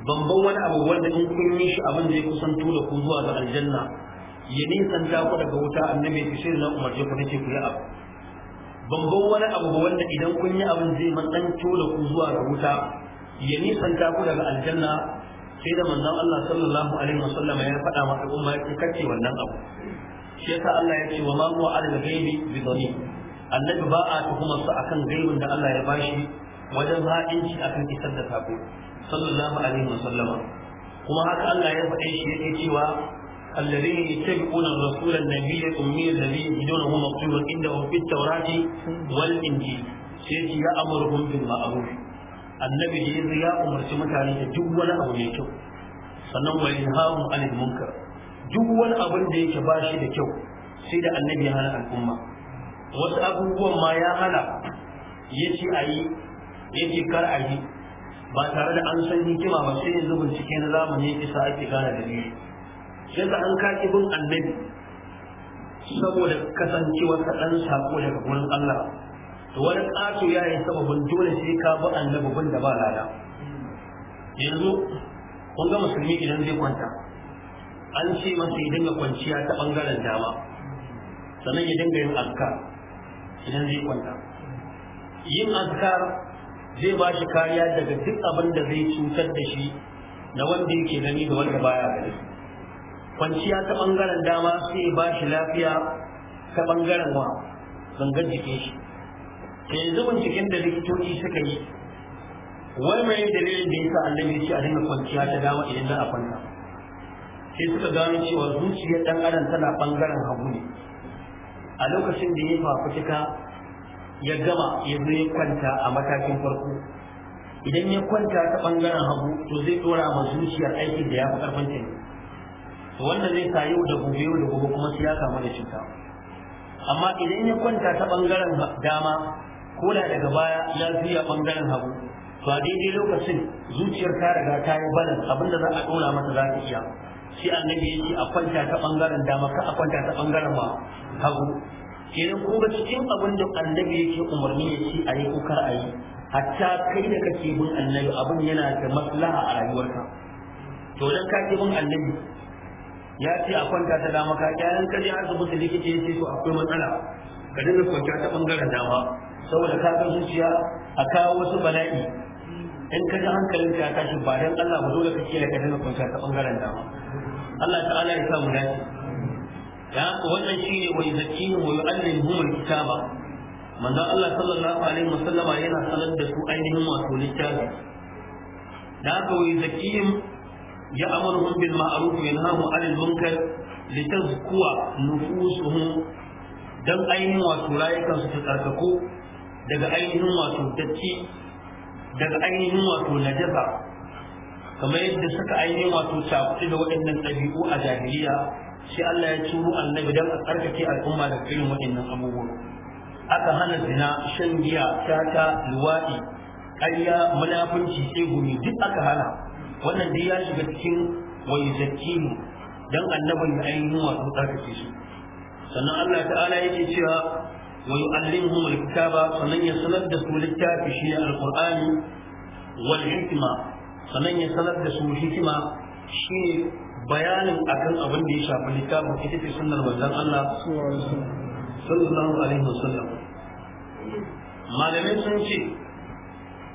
ban ban wani abu wanda in kun yi shi abin da ya kusan da ku zuwa ga aljanna ya nisan ta ku daga wuta annabi ya sai na umarce ku nake ku yi abu ban ban wani abu wanda idan kun yi abin zai matsanto da ku zuwa ga wuta ya nisan ta ku daga aljanna sai da manzon Allah sallallahu alaihi wasallam ya faɗa wa umma ya kace wannan abu shi yasa Allah ya ce wa ma huwa alal ghaibi bi dhalim annabi ba a tuhumar akan gaibin da Allah ya bashi wajen haɗinci akan isar da sako sallallahu alaihi wasallama kuma haka Allah ya faɗe shi yake cewa الذين يتبعون الرسول النبي الأمي الذي يجدونه مكتوبا عندهم في التوراة والإنجيل سيأتي يأمرهم بالمعروف النبي يا أمر سمكاني duk wani abu mai kyau sannan wa munkar duk wani abin da yake ba shi da kyau sai da annabi ya hana al'umma wasu abubuwan ma ya hana ya ce a yi ya ce kar a yi ba tare da an san hikima ba sai yanzu bincike na zamani isa ake gane da biyu sai da an kaki bin annabi saboda kasancewar ka dan sako daga gurin Allah to wani ƙato ya yi sababin dole sai ka bi annabi bin da ba lada yanzu kun ga musulmi idan zai kwanta an ce masa ya dinga kwanciya ta bangaren dama sannan ya dinga yin azkar idan zai kwanta yin azkar zai ba shi kariya daga duk abin da zai cutar da shi na wanda yake gani da wanda baya gani kwanciya ta bangaren dama sai ya ba shi lafiya ta bangaren wa gangan jikin shi zubin cikin da likitoci suka yi Wani mai dalilin da sa annabi ya ce a dinga kwanciya ta dama idan za a kwanta sai suka gano cewa zuciyar dan adam tana bangaren hagu ne a lokacin da ya fafutuka ya gama ya zo ya kwanta a matakin farko idan ya kwanta ta bangaren hagu to zai dora ma zuciyar aikin da ya fi karfin ta to wannan zai sa yau da gobe yau da gobe kuma sai ya samu da cuta amma idan ya kwanta ta bangaren dama ko da daga baya ya zuya bangaren hagu to a daidai lokacin zuciyar ta riga ta yi balan abinda za a ɗora masa za ta iya shi annabi yake a kwanta ta bangaren dama ka a kwanta ta bangaren ma hagu kenan ko ga cikin abin da annabi yake umarni ya ci a yi ko kar a yi hatta kai da kake bin annabi abin yana da maslaha a rayuwarka to dan ka ke bin annabi ya ce a kwanta ta dama ka yayin ka je asibiti likita ya ce to akwai matsala ka dinga kwanta ta bangaren dama saboda ka ga zuciya a kawo wasu bala'i in ka ga hankalin ka tashi ba dan Allah ba dole kake da ka dinga kunta ta bangaren dama Allah ta'ala ya sa mu dace ya ku wannan shine wa yuzakkihim wa yu'allimuhum al-kitaba manzo Allah sallallahu alaihi wasallama yana sanar da su ainihin wato littafi da haka wa yuzakkihim ya'muruhum bil ma'ruf wa yanhahum 'anil munkar litazkuwa nufusuhum dan ainihin wato rayukansu ta tsarkako daga ainihin wato datti daga ainihin wato najasa kamar yadda suka ainihin wato shafi da waɗannan ɗabi'u a jahiliya sai Allah ya turo annabi dan a tsarkake al'umma da irin waɗannan abubuwa aka hana zina shan giya tata luwaɗi ƙarya munafunci tsegumi duk aka hana wannan dai ya shiga cikin wani zakkimu dan annabi ya ainihin wato tsarkake su sannan Allah ta'ala yake cewa ويعلمهم الكتاب فمن يسند سولتا في شيء القرآن والحكمة فمن يسند سول حكمة شيء بيان أكن أبن دي شاب الكتاب وكتب سنة وزن الله صلى الله عليه وسلم ما لم يسنشي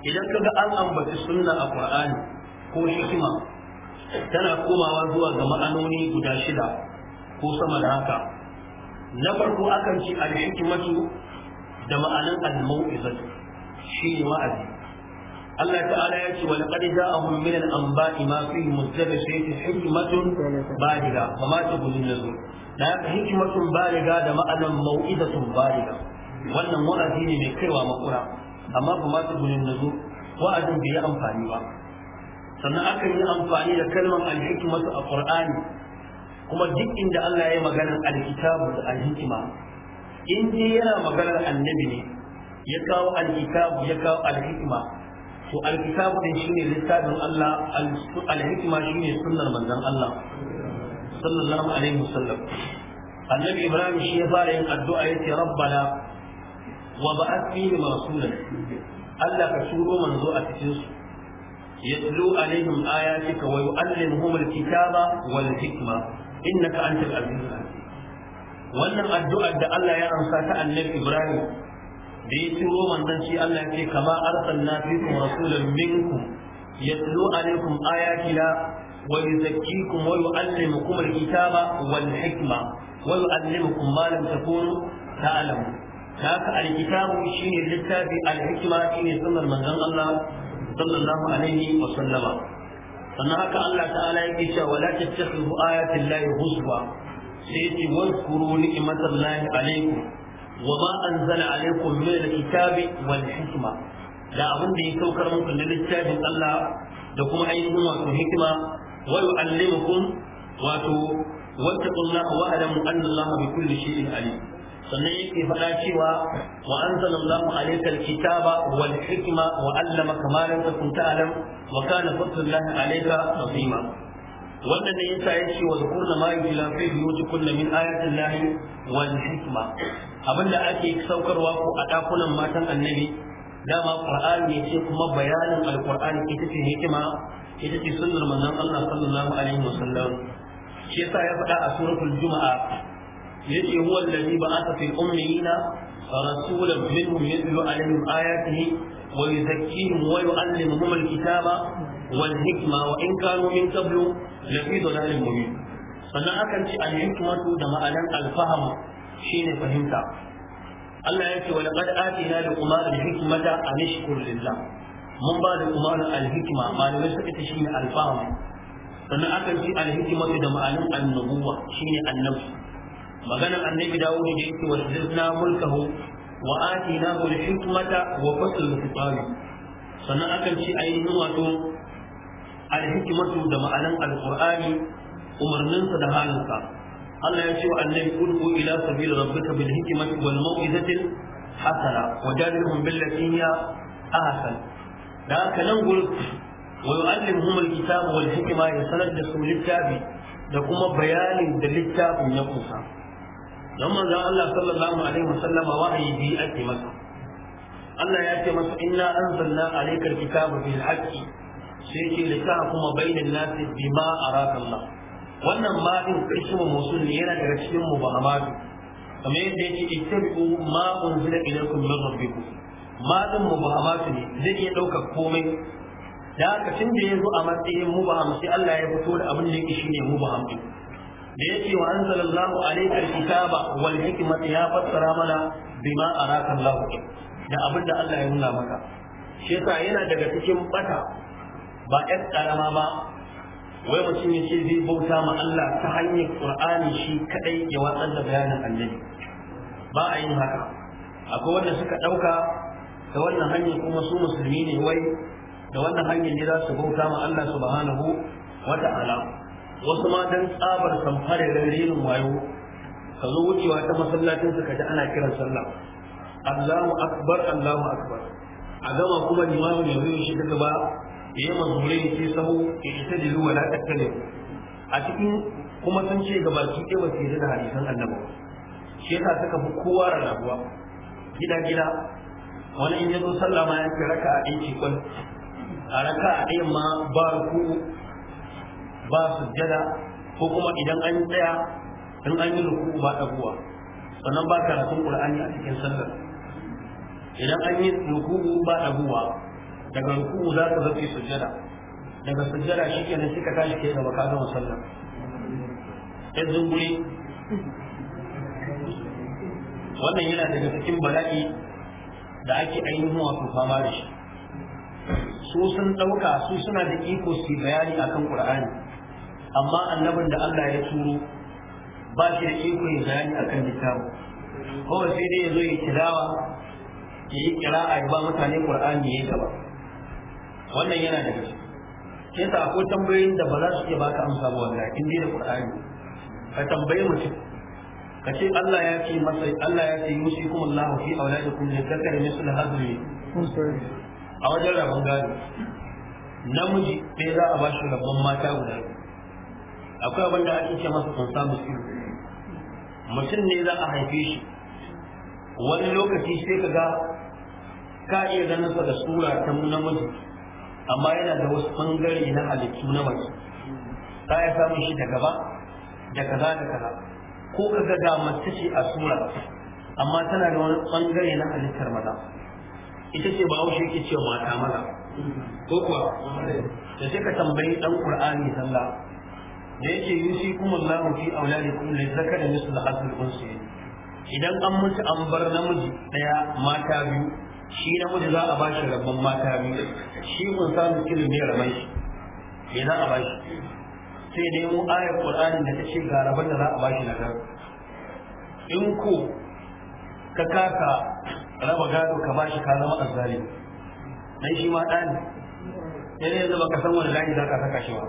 إذا كذا أن أنبت السنة القرآن ko hikima tana komawa zuwa ga ma'anoni guda shida ko sama da haka na farko akan ci al masu da ma'anan al-mau'izatu shi ne wa'azi Allah ta'ala ya ce wani ƙari za a hun minan an ba ima fi muzdaga sai ta hikimatun baliga ba ma ta gudun yanzu da haka hikimatun baliga da ma'anan mau'izatun baliga wannan wa'azi ne mai kaiwa makura amma ba ma ta gudun yanzu wa'azin bai yi amfani ba sannan aka yi amfani da kalmar alhikimatu a ƙur'ani kuma duk inda Allah ya yi maganar alkitabu da alhikima in dai yana maganar annabi ne ya kawo alkitabu ya kawo alhikima to alkitabu din shine littafin Allah alhikima shine sunnar manzon Allah sallallahu alaihi wasallam annabi Ibrahim shi ya fara yin addu'a yace rabbana wa ba'ath fihim rasulan Allah ka turo manzo a cikin su yatlu alaihim ayatika wa yu'allimuhum alkitaba wal hikma innaka antal aziz wannan addu'ar da Allah ya amsa ta annabi Ibrahim da ya turo manzon shi Allah ya ce kama arsalna fikum rasulan minkum yatlu alaikum ayatina wa yuzakkikum wa yu'allimukum alkitaba wal hikma wa yu'allimukum ma lam takunu ta'lamun haka alkitabu shine littafi alhikma shine sunnar manzon Allah sallallahu alaihi wa sallama sannan haka Allah ta'ala ya yake cewa wala tattakhidhu ayatin lahi husba sai yace wadhkuru ni'matan lahi alaikum wa ma anzala alaikum min alkitabi wal hikma da abin da ya saukar muku na littafin Allah da kuma ainihin wato hikima wa yu'allimukum wato wattaqullaha wa alamu anna Allah bi kulli shay'in alim sannan yake faɗa cewa wa anzalallahu alayka alkitaba wal hikma wa allama kama lam takun ta'lam wa kana fadlullahi alayka azima wannan ne yasa yake wa zakurna ma yujla fi buyutikunna min ayatin lahi wal hikma abinda ake saukarwa ko a dakunan matan annabi dama qur'ani ne ce kuma bayanin alqur'ani ita ce hikima ita ce sunnar manzon Allah sallallahu alaihi wasallam shi yasa ya faɗa a suratul juma'a yace huwa alladhi ba'atha fil ummiyina رسولا منهم يتلو عليهم آياته ويزكيهم ويعلمهم الكتاب والحكمة وإن كانوا من قبل لفي ضلال مبين sannan akan ce al-hikmatu da ma'anan al-faham shine fahimta Allah ya ce wa laqad atina luqman al-hikmata an ishkur lillah mun ba da luqman al malamai suka ce akan da maganar annabi dawud da yake wa zidna mulkahu wa atinahu al-hikmata wa fasl al sannan akan ci ainihin wato al-hikmatu da ma'anan al-qur'ani umarninsa da halinsa Allah ya ce wa annabi ud'u ila sabili rabbika bil hikmati wal mau'izati hasana wajadilhum billati hiya ahsan da haka nan gurin wa yu'allimuhum al-kitaba wal hikma ya sanar da su littafi da kuma bayanin da littafin ya kusa don manzon Allah sallallahu alaihi wasallam wahayi bi ake masa Allah ya ce masa inna anzalna alayka alkitaba bil haqqi sai ce litahkuma bainan nasi bima araka Allah wannan ma din ismu musul ne yana daga cikin mubahamatu kamar yadda yake ittabi'u ma unzila ilaykum min rabbikum ma din mubahamatu ne zai iya daukar komai da haka tun da ya zo a matsayin mubaham sai Allah ya fito da abin da yake shine mubaham din da yake wa anzalallahu alayka alkitaba wal hikmata ya fassara mana bima araka Allah da abin da Allah ya nuna maka shi yasa yana daga cikin bata ba ɗan karama ba wai mutum ya ce zai bauta ma Allah ta hanyar Qur'ani shi kadai ya watsar da bayanin annabi ba a yin haka akwai wanda suka ɗauka da wannan hanyar kuma su musulmi ne wai da wannan hanyar ne za su bauta ma Allah subhanahu wa ta'ala wasu ma dan tsabar samfare da rinin wayo ka zo wucewa ta masallacin su kaji ana kiran sallah Allahu akbar Allahu akbar a gama kuma limamin ya ya shi daga ya mazure ya ce sahu ya ita da zuwa na tattale a cikin kuma sun ce ga baki ke ba da hadisan annabi shi yasa suka fi kowa rarrabuwa gida gida wani in ya zo sallah ma ya kira ka a ɗaya ce a raka a ɗaya ma ba ku ba sujjada ko kuma idan an yi tsaya in an yi ruku ba ɗaguwa sannan ba karatun qur'ani a cikin sallar idan an yi ruku ba ɗaguwa daga ruku za ka zafi sujjada daga sujjada shi kenan shi ka tashi ke gaba ka gama sallar sai zunguri wannan yana daga cikin bala'i da ake ainihin wato fama da shi su sun ɗauka su suna da iko su bayani akan Kur'ani. amma annabin da Allah ya turo ba shi da iko yin bayani akan littafin kawai sai dai ya zo ya tilawa ya yi kira a ba mutane qur'ani ya gaba wannan yana da ciki sai ta akwai tambayoyin da ba za su iya baka amsa ba wanda in da qur'ani ka tambayi mutum ka ce Allah ya ce masa Allah ya ce yusikum Allahu fi auladikum lizakari misl hadri a wajen rabon gado namiji ɗaya za a ba shi rabon mata guda biyu akwai abin da ake ce masa kunsa musu mutum ne za a haife shi wani lokaci sai ka ga ka iya ganin sa da sura ta namiji amma yana da wasu bangare na halittu na mace za ya samu shi da gaba da kaza da kaza ko ka ga da mace ce a sura amma tana da wani bangare na halittar maza ita ce ba haushe ke ce mata maza ko kuwa da sai ka tambayi dan qur'ani sallah da yake kuma Allah fi auladikum li zakari mislu hazzil unsi idan an mutu an bar namiji daya mata biyu shi namiji za a bashi rabban mata biyu shi mun samu kilo ne rabai shi me za a bashi sai dai mu ayar Qur'ani da ta ce ga rabban da za a bashi na gaba in ko ka kasa raba gado ka bashi ka zama azzali dan shi ma dan sai ne yanzu baka san wani layi za ka saka shi ba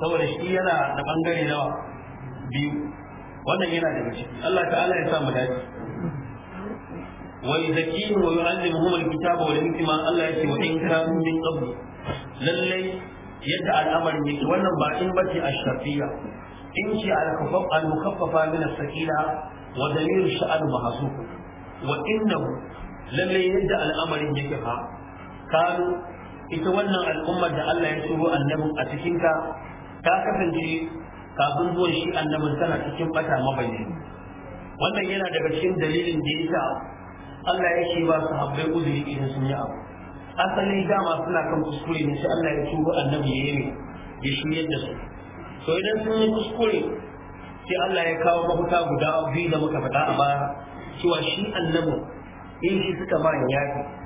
saboda shi yana da bangare na biyu wannan yana da ciki Allah ta'ala ya sa mu dace wa yuzakkihim wa yu'allimuhum al-kitaba wal hikma Allah yake wa in kanu min qabl lalle yadda al'amarin yake wannan ba in bace ash-shafiya in ce al-mukaffafa min as-sakila wa dalil sha'an mahsub wa innahu lalle yadda al'amarin yake fa kanu ita wannan al'ummar da Allah ya turo annabin a cikinta ta kasance kafin zuwan shi annabin tana cikin bata mabanni wannan yana daga cikin dalilin da yasa Allah ya ce ba su habbai uzuri idan sun yi abu asali dama suna kan kuskure ne sai Allah ya tuba annabi ya yi ya shiryar da su to idan sun yi kuskure sai Allah ya kawo mafuta guda biyu da muka faɗa a baya cewa shi annabin in shi suka ba yafi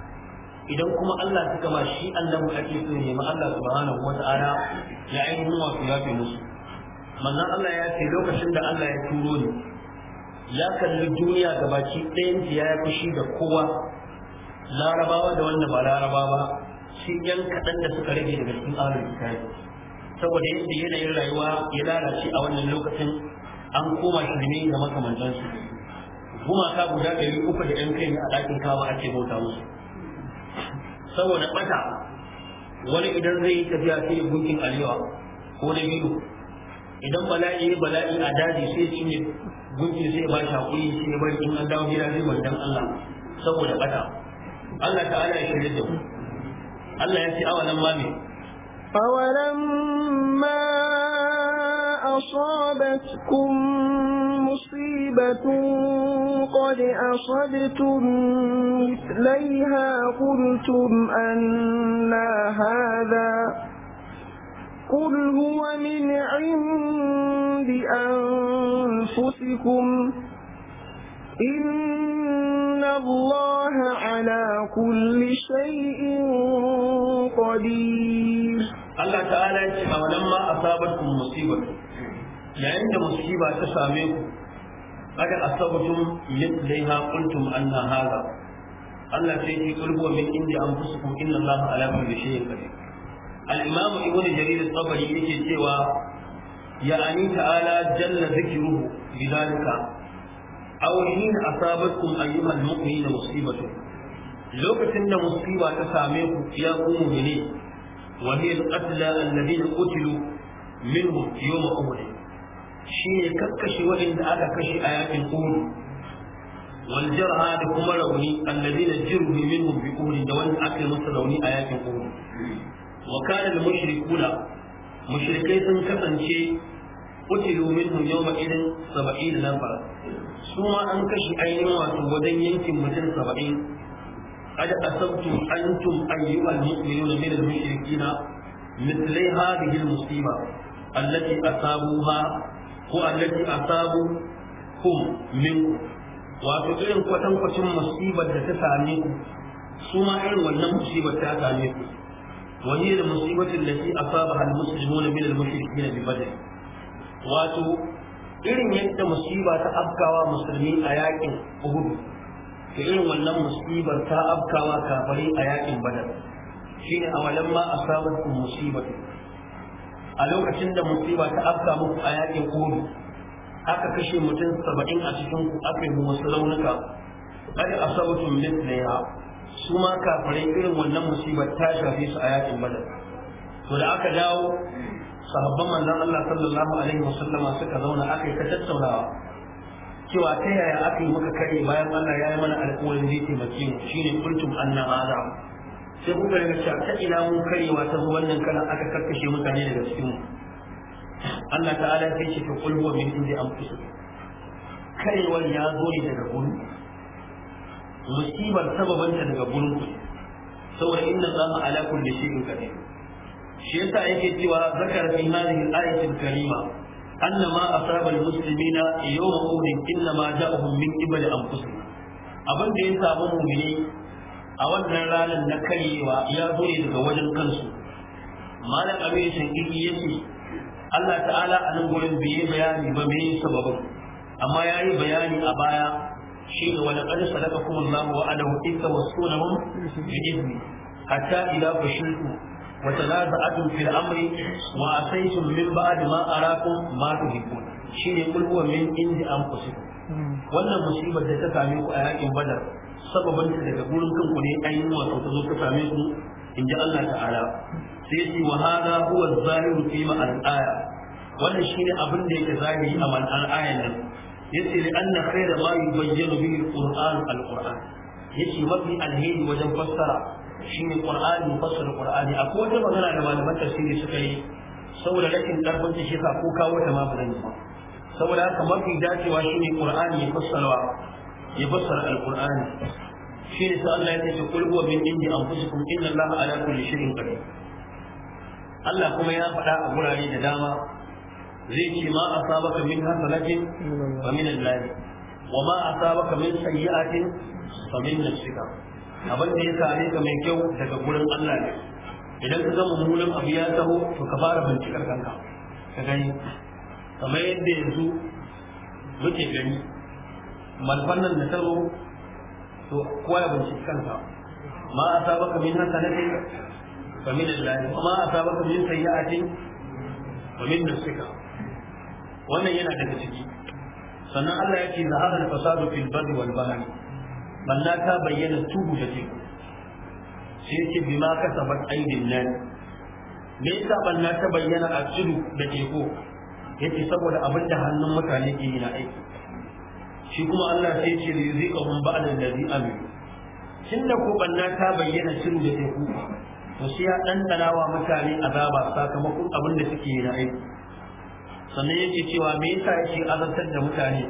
idan kuma Allah suka ma shi Allah mu ake so ne ma Allah subhanahu wata'ala ya yi wato su yafe musu manzon Allah ya ce lokacin da Allah ya turo ni ya kalli duniya ga baki ɗayan ya yi fushi da kowa larabawa da wanda ba larabawa shi yan kaɗan da suka rage daga cikin ahlul kitabi saboda yadda yanayin rayuwa ya lalace a wannan lokacin an koma shirme ga makamantansu gumaka guda ɗari uku da 'yan kai a ɗakin kawa ake bauta musu saboda bata wani idan zai yi tafiya sai gunkin Aliwa ko da biyu idan bala'i bala'i a daji sai ya cinye gunki sai ba shi hakuri sai bari in an dawo gida zai bantan Allah saboda bata Allah ta'ala ya shirye da mu Allah ya ce awalan ma me awalan ma asabatkum مصيبة قد أصبتم مثليها قلتم أنا هذا قل هو من عند أنفسكم إن الله على كل شيء قدير الله تعالى يقول لما أصابتكم مصيبة يعني مصيبة تسامينكم kada asabtum mithlaiha qultum anna hadha Allah sai ki kulbo inda an fusukum inna Allah ala kulli shay'in qadir al-imam ibn jarir at-tabari yake cewa ya'ani ta'ala jalla dhikruhu bidalika aw hin asabatkum ayyuha al-mu'min musibatu lokacin da musiba ta same ku ya ku mu'mini wa hiya al-qatla alladhina shi ne kakkashe waɗanda aka kashe a yaƙin uhud wal jarha da kuma rauni alladina jirhu minhum bi uhud da wanda aka yi masa rauni a yakin uhud wa kana al mushrikuna mushrikai sun kasance mu minhum yawma idin da nafar su ma an kashe ainihin wato wajen yankin mutum 70 قد أصبتم أنتم أيها المؤمنون من المشركين مثل هذه المصيبة التي أصابوها ko allati asabu kum minku wato irin kwatankwacin musibar da ta same ku su ma irin wannan musibar ta same ku wani da musibatin da ke asaba al muslimun min al mushrikin bi badr wato irin yadda musiba ta afkawa musulmi a yakin uhud to irin wannan musibar ta afkawa kafari a yakin badar shine awalan ma asabatkum musibatu a lokacin da musiba ta afka muku a yakin uhud aka kashe mutum saba'in a cikin ku aka yi wasu raunuka kada asabatun mithliha su ma kafirai irin wannan musibar ta shafe su a yakin badar to da aka dawo sahabban manzon Allah sallallahu alaihi wasallama suka zauna aka yi ta tattaunawa cewa ta yaya aka yi muka kare bayan Allah ya yi mana alƙawarin zai taimake mu shine kuntum anna hada sai kuka daga cewa ta ina mun karewa ta zo wannan kalan aka karkashe mutane daga cikin Allah ta'ala sai ce ta kulwa min inda an fusu karewar ya zo ne daga gurin musibar sababanta daga gurin ku saboda inna za mu ala kulli shay'in qadir shi yasa yake cewa zakar fi hadhihi al-ayati al-karima anna ma asaba al-muslimina yawma uhud inna ma ja'ahum min qibali anfusihim abin da ya samu mu'mini a wannan ranar na karyewa ya zo daga wajen kansu malam abin shangigi ya ce Allah ta'ala a nan gurin bai yi bayani ba mai sababin amma ya yi bayani a baya shi da wani ƙarfi sadaka kuma Allah wa adahu isa wa sunahum bi hatta ila fashilku wa tanaza'atum fil amri wa asaytum min ba'd ma arakum ma tuhibbun ne kullu min indi anfusikum hmm. wannan musibar da ta same ku a yakin badar sababin ta daga gurin kanku ne an yi wato ta zo ta same ku in ji Allah ta'ala sai ce wa hada huwa zahiru fi ma'al aya wannan shine abin da yake zahiri a ma'al ayan nan yace li anna khayra ma yubayyanu bihi al-qur'an al-qur'an yace mafi alheri wajen fassara shine qur'ani fassara qur'ani akwai wata magana da malaman tafsiri suka yi saboda rashin karfin shi shi ko kawo ta ma ba saboda haka mafi dacewa shine qur'ani ya fassara ya fassara alqur'ani shi ne sai Allah ya ce kul huwa min indi anfusikum inna Allaha ala kulli shay'in qadir Allah kuma ya faɗa a gurare da dama zai ce ma asabaka min hasanatin fa min Allah wa ma asabaka min sayyi'atin fa min nafsika abin da ya same ka mai kyau daga gurin Allah ne idan ka ga mummunan abu ya taho to ka fara bincikar kanka ka gani kamar yadda yanzu muke gani manufan nan da ta zo to kowa ya binciki kansa ma a saba ka min hasanatin fa min Allah ma a saba ka min sayyi'atin fa min nafsika wannan yana daga ciki sannan Allah yake zahabar fasadu fil barri wal bahri balla ta bayyana tubu da teku sai yake bima kasabat aidin nan me yasa balla ta bayyana a tudu da teku yake saboda abin da hannun mutane ke yi na aiki shi kuma Allah sai ce ba'adar da ba'da allazi Tun da ko banna ta bayyana shiru da teku to shi ya dandana wa mutane azaba sakamakon abin da suke yi na aiki sannan ya ce cewa me yasa yake azantar da mutane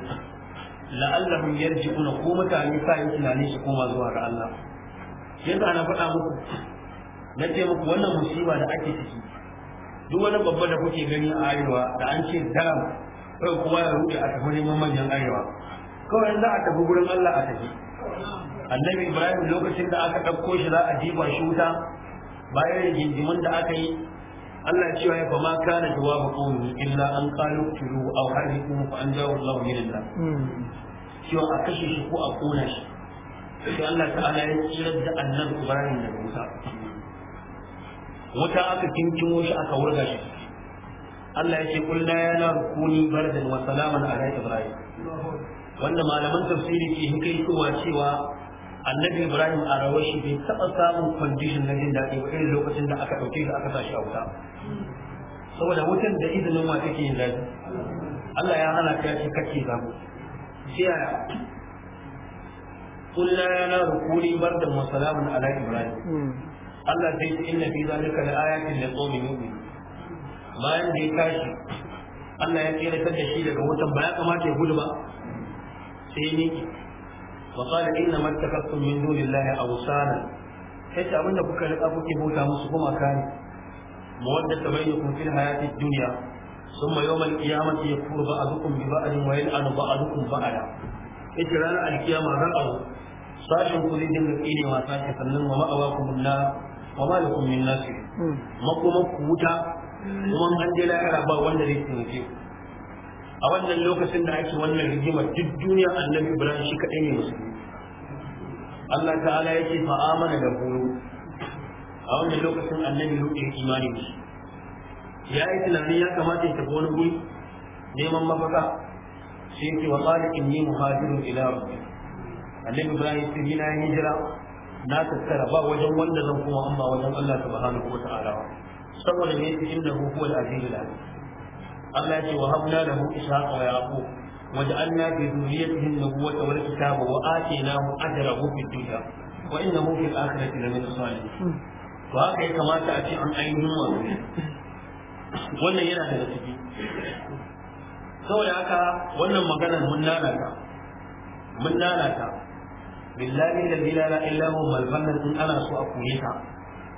la'allahum yarji'una ko mutane sa yi tunani su koma zuwa ga Allah Yanzu na faɗa muku na ce muku wannan musiba da ake ciki duk wani babba da kuke gani a arewa da an ce dam kai kuma ya rufe a tafi neman manyan arewa kawai za a tafi gurin Allah a tafi annabi ibrahim lokacin da aka ɗauko shi za a jiba shi wuta bayan gindimin da aka yi Allah cewa ya fama kana jawabu qawmi illa an qalu a aw hariqu fa an jawu Allah min Allah hmm. cewa a kashe shi ko a kona shi sai Allah ta'ala ya tsira da annabi ibrahim da wuta wuta aka kinkimo shi aka wurga shi Allah ya ce kullu ya na rukuni bardan wa salaman ala ibrahim wanda malaman tafsiri ke hikaitowa cewa annabi ibrahim a rawar shi bai taɓa samun kwandishin na jin daɗi ba irin lokacin da aka ɗauke shi aka tashi a wuta saboda wutan da izinin wa take yin daɗi. Allah ya hana ka shi kake zamu sai قلنا يا نار كوني بردا وسلاما على ابراهيم Allah sai ce inna fi zalika la ayatin li qaumin yu'min bayan da ya tashi Allah ya tsere da shi daga wutan ba ya kamata ya gudu ba sai miki wa qala inna mattakastum min dunillahi awsana kace abinda kuka rika kuke bauta musu kuma kare bai bainakum fil hayati dunya thumma yawm al-qiyamati yakfuru ba'dukum bi ba'd wa yal'anu ba'dukum ba'da yace ranar alkiyama zan abu sashin ku zai dinga kine wa sashin sannan wa ma'awakum an-nar wa hmm. ku wuta hmm. kuma ba wanda zai tsinke a wannan lokacin da ake wannan rigima duk duniya annabi ibrahim shi kadai ne musulmi Allah ta'ala ya ce fa amana da horo a wannan lokacin annabi lutu ya imani da ya yi tunani ya kamata ya tafi wani guri neman mafaka sai ya ce wa in yi muhajirun ila rabbi annabi ibrahim sai ni na hijira na tattara ba wajen wanda zan kuma amma wajen Allah subhanahu ko ta'ala saboda ne innahu huwal azizul hakim Allah ce wa habna lahu ishaqa wa yaqub waj'alna fi dhurriyyatihi an-nubuwwata wal kitaba wa atainahu ajrahu fid dunya wa innahu fil akhirati lamin salihin to haka ya kamata a ce an ainihin wani wannan yana daga ciki saboda haka wannan maganar mun nanata, mun lalata billahi da la ilaha illa huwa al-fannan ana so a koyi ta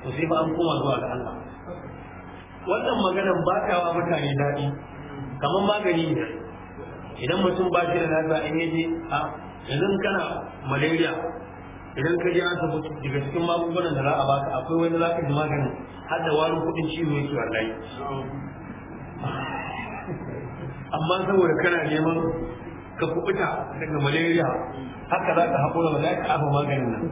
to sai ba an koma zuwa ga Allah wannan maganan ba ta wa mutane daɗi kamar magani idan mutum ba shi da lafiya in yaje a yanzu kana malaria idan ka je asibiti daga cikin magungunan da za a baka akwai wani za ka ji maganin har da warin kuɗin ciwo yake wallahi amma saboda kana neman ka kuɓuta daga malaria haka za ka haƙura ba za ka afa maganin nan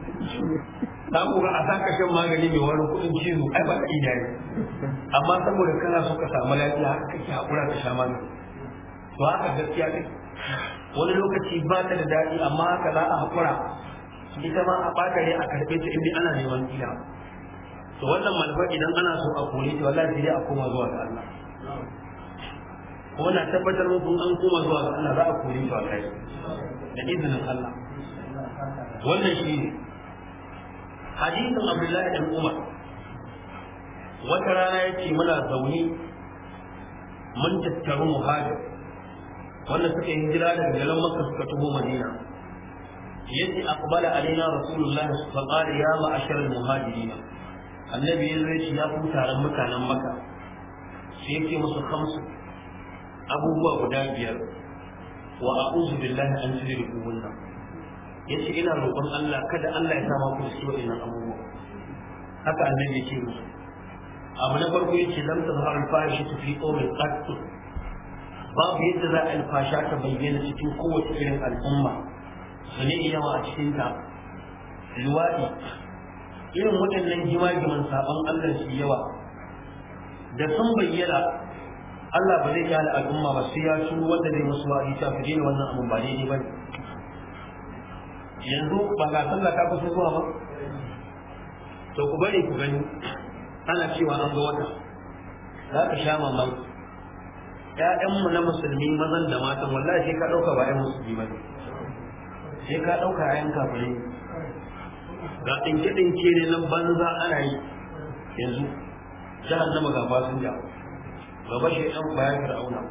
za ku ga a saka shan magani mai wani kuɗin cizo ai ba ta iya yi amma saboda kana so ka samu lafiya haka kake haƙura ka sha magani to haka gaskiya ne wani lokaci ba ta da daɗi amma haka za a haƙura ita ma a ɓata ne a karɓe ta inda ana neman ila to wannan manufa idan ana so a kore ta wallahi sai dai a koma zuwa ga Allah kuma na tabbatar muku an koma zuwa ga Allah za a kore ta wallahi da izinin Allah wannan shi ne hadisin abdullahi dan umar wata rana ya ce muna zaune mun tattaru muhajir wanda suka yi hijira daga garin maka suka taho madina Ya yace aqbala alaina rasulullahi fa qala ya ma'ashar al-muhajirin annabi ya zai ce ya fi taron mutanen maka, sai yake musu khamsu abubuwa guda biyar wa a'udhu billahi an tudriku wannan yace ina roƙon Allah kada Allah ya sama ku cikin ina abubuwa haka annabi yake musu abu na farko yace lam tazhar al-fahish fi qawmin qat babu yadda za a alfasha ta bayyana cikin kowace irin al'umma su ne yawa a cikin ta luwaɗi irin waɗannan jimagiman sabon Allah su yawa da sun bayyana Allah ba zai kyale al'umma ba sai ya turo wanda zai musu wa'azi ta fi wannan abun ba daidai ba ne yanzu ba ga sallah ta kusa zuwa ba to ku bari ku gani ana cewa an ga wata za ka sha mamaki ƴaƴanmu na musulmi mazan da matan wallahi sai ka ɗauka ba ƴan musulmi ba sai ka ɗauka ƴaƴan kafin ga ɗinke ɗinke ne nan banza ana yi yanzu jahannama ga fasinja gaba shi ɗan bayan fir'auna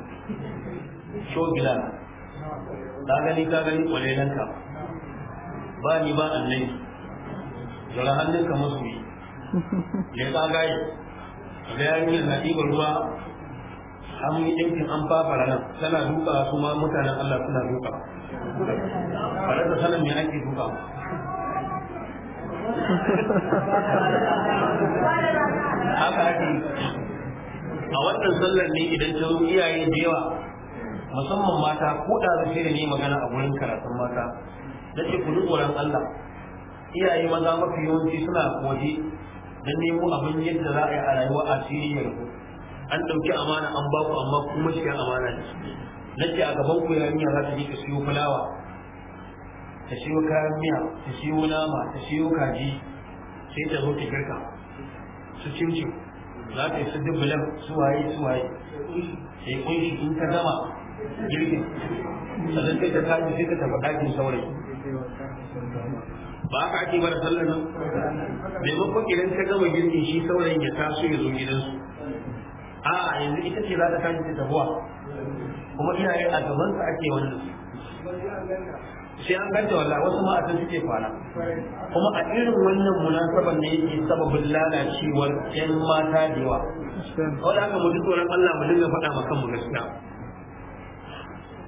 shogila ka gani ka gani ka. ba ni ba annabi jira hannun ka musu yi ne ka gaye ga yarinyar na ɗiba ruwa an yi ɗinkin an fafara nan tana duka su ma mutanen Allah suna duka ba da sanin me ake duka haka ake a wannan sallar ne idan ta iyaye da yawa musamman mata ko da sai da ne magana a wurin karatun mata na ce ku tsoron Allah iyaye maza mafi yawanci suna koje don nemo abin yadda za a yi a rayuwa a siriyar an ɗauki amana an ba ku amma kuma shi amana ne na ce a gaban ku yarinya za ta je ta siyo fulawa ta siyo kayan miya ta siyo nama ta siyo kaji sai ta zo ta girka su cincin za ta yi su waye-su waye. sai kunshi in ta gama girkin sannan sai ta kaji sai ta tafi ɗakin saurayi ba haka ake bar sallar nan maimakon idan ka gama girki shi saurayin ya taso ya zo gidansu a yanzu ita ce za ta kan ta tabuwa kuma iyaye a gaban sa ake wannan sai an ganta walla wasu ma a san suke kwana kuma a irin wannan munasabar ne yake sababin lalacewar yan mata da yawa wanda aka mutu tsoron Allah mu dinga faɗa ma kanmu gaskiya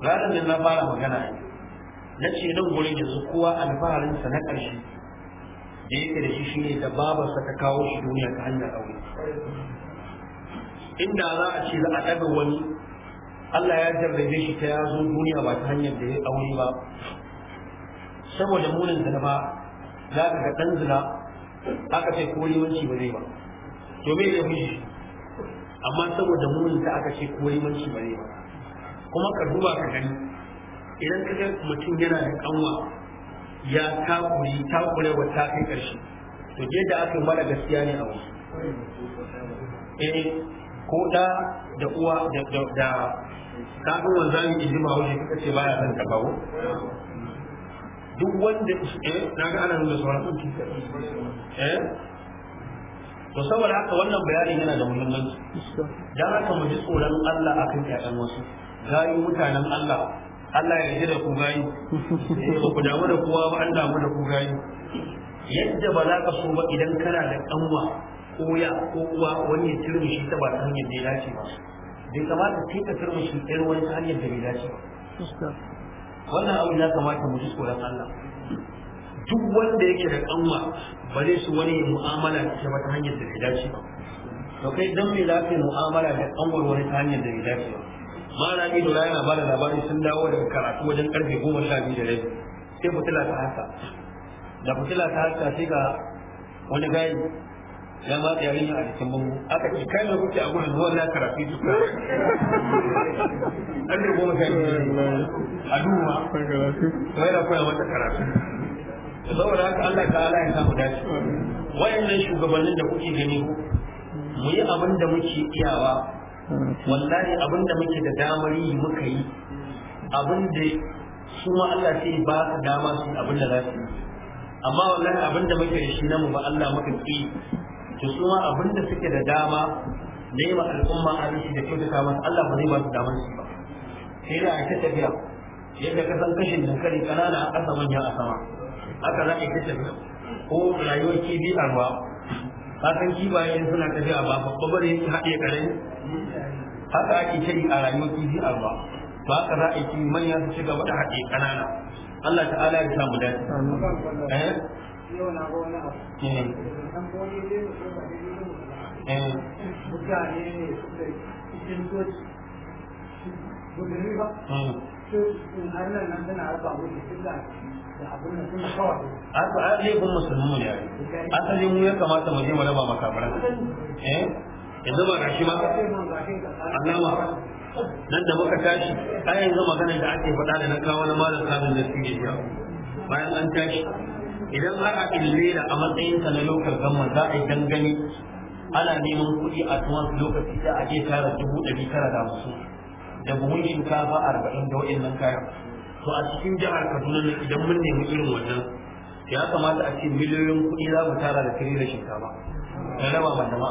ranar da na fara magana ne na ce nan gurin yanzu kowa sa na ƙarshe da yake da shi shine da babarsa ta kawo shi duniya ta hanyar aure inda za a ce za a ɗaga wani Allah ya jarrabe shi ta yazo duniya ba ta hanyar da ya aure ba saboda munin da ba za ka ga ɗan zina aka ce korimanci ba zai ba to me ya fushi amma saboda munin da aka ce korimanci ba zai ba kuma ka duba ka gani idan kaga mutum yana da kanwa ya takuri takure wa ta kai karshe to da aka mara gaskiya ne a wasu eh ko da da uwa da da kafin wanzami in ji ma wuce kuka ce baya son kafawo duk wanda eh na ga ana nuna sauran eh to saboda haka wannan bayanin yana da muhimmanci dan haka mu ji tsoron Allah akan ƴaƴan wasu gayu mutanen Allah Allah ya ji da ku gayi eh, ba ku damu da kowa ba an damu da ku gayi yadda ba za ka so ba idan kana da kanwa ko ya ko kuwa, wani ya shi ta ba ta hanyar da ya dace ba bai kamata sai ka shi ɗayar wani ta hanyar da bai dace ba wannan abu ya kamata mu ji tsoron Allah duk wanda yake da kanwa ba zai su wani mu'amala ta ba ta hanyar da bai dace ba to kai dan me za ka yi mu'amala da kanwar wani ta hanyar da bai dace ba mara ne da yana bada labari sun dawo daga karatu wajen karfe goma sha biyu da rai sai fitila ta haka da fitila ta haka sai ga wani gayi ya ma yarinya a cikin bango aka ce kai da kuke a gurin ruwan na karatu su ka an rubo maka a duwa to yana koya mata karatu da saboda haka Allah ta ala ya samu dace wayannan shugabannin da kuke gani mu yi abin da muke iyawa wallahi abin da muke da damar yi muka yi abin da su ma Allah sai ba su dama su abin da za su yi amma wallahi abin da muke da shi mu ba Allah muka ki to su ma abin da suke da dama ne ma al'umma arziki da kyautata masa Allah ba zai ba su damar su ba sai da ake tafiya yadda ka san kashin dankali ƙanana a ƙasa manya a sama haka za a yi tafiya ko rayuwar kibi a ruwa kasan kibaye in suna tafiya ba babba bare su haɗe ƙarami haka ake kai a rayuwar kifi a ba ka za a yi manya su shiga wata haɗe ƙanana Allah ta'ala ya samu dace eh eh, eh. Hmm. Asa a laifin musulmi ne yare. Asali mu ya kamata mu je mu raba makabaran. Eh? Yanzu ba gashi ma. Annama. Nan da muka tashi, a yanzu magana da ake faɗa da na kawo na malam kamin da suke jiya. Bayan an tashi, idan har a illera a matsayinsa na lokal gama za a yi dangane ana neman kuɗi a tuwan lokaci da a je tara dubu ɗari tara da hamsin da buhun shinkafa arba'in da wa'in nan kayan. to a cikin jihar kaduna ne idan mun nemi irin wannan ya kamata a ce miliyoyin kuɗi za mu tara da kiri da shinkafa na raba ba dama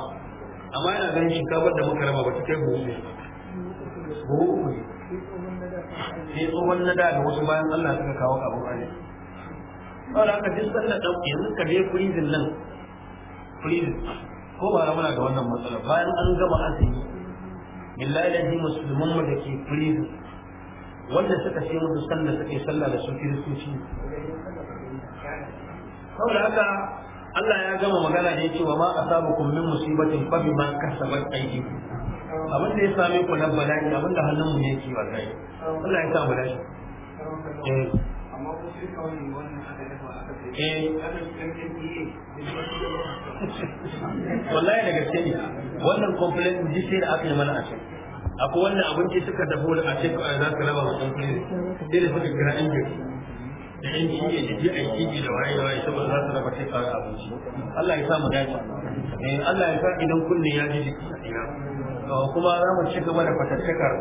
amma yana ganin shinkafar da muka raba ba ta kai buhu ne buhu uku ne sai tsohon na da da wasu bayan allah suka kawo abin a ba da aka duk da ɗauki yanzu ka je firizin nan Firizin? ko ba na muna da wannan matsala bayan an gama azumi illa ilahi musulman mu da ke firizin. wanda suka ce musu sallah suka yi sallah da su kiristoci da haka Allah ya gama magana da yake wa ma a asabukum min musibatin fa ma kasabat aydikum abin da ya same ku na bala'i abin da hannun mu ne yake wallahi Allah ya sa mu dashi eh amma ko shi kawai wannan aka dafa aka eh wallahi da gaske ne wannan complaint ji sai da aka yi mana a cikin akwai wannan abinci suka dafo da a ce za ka raba wa sun kiri sai da suka kira injin da yan ciye da ji a yi da waye waye saboda za su raba cikin abinci Allah ya sa mu dace eh, Allah ya sa idan kunne ya ji jiki kuma za mu ci gaba da fatattakar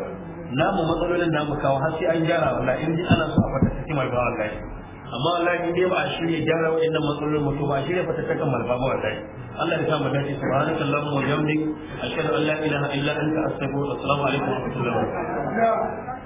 namu matsalolin namu kawo har sai an gyara wallahi in ji ana so a fatattaki mai ba wallahi amma wallahi dai ba a shirya gyara waɗannan matsalolin mutum ba a shirya fatattakan malfa ba wallahi Allah ya sa mu dace subhanaka allahumma wa bihamdik ashhadu an la ilaha illa anta astaghfiruka wa atubu ilaik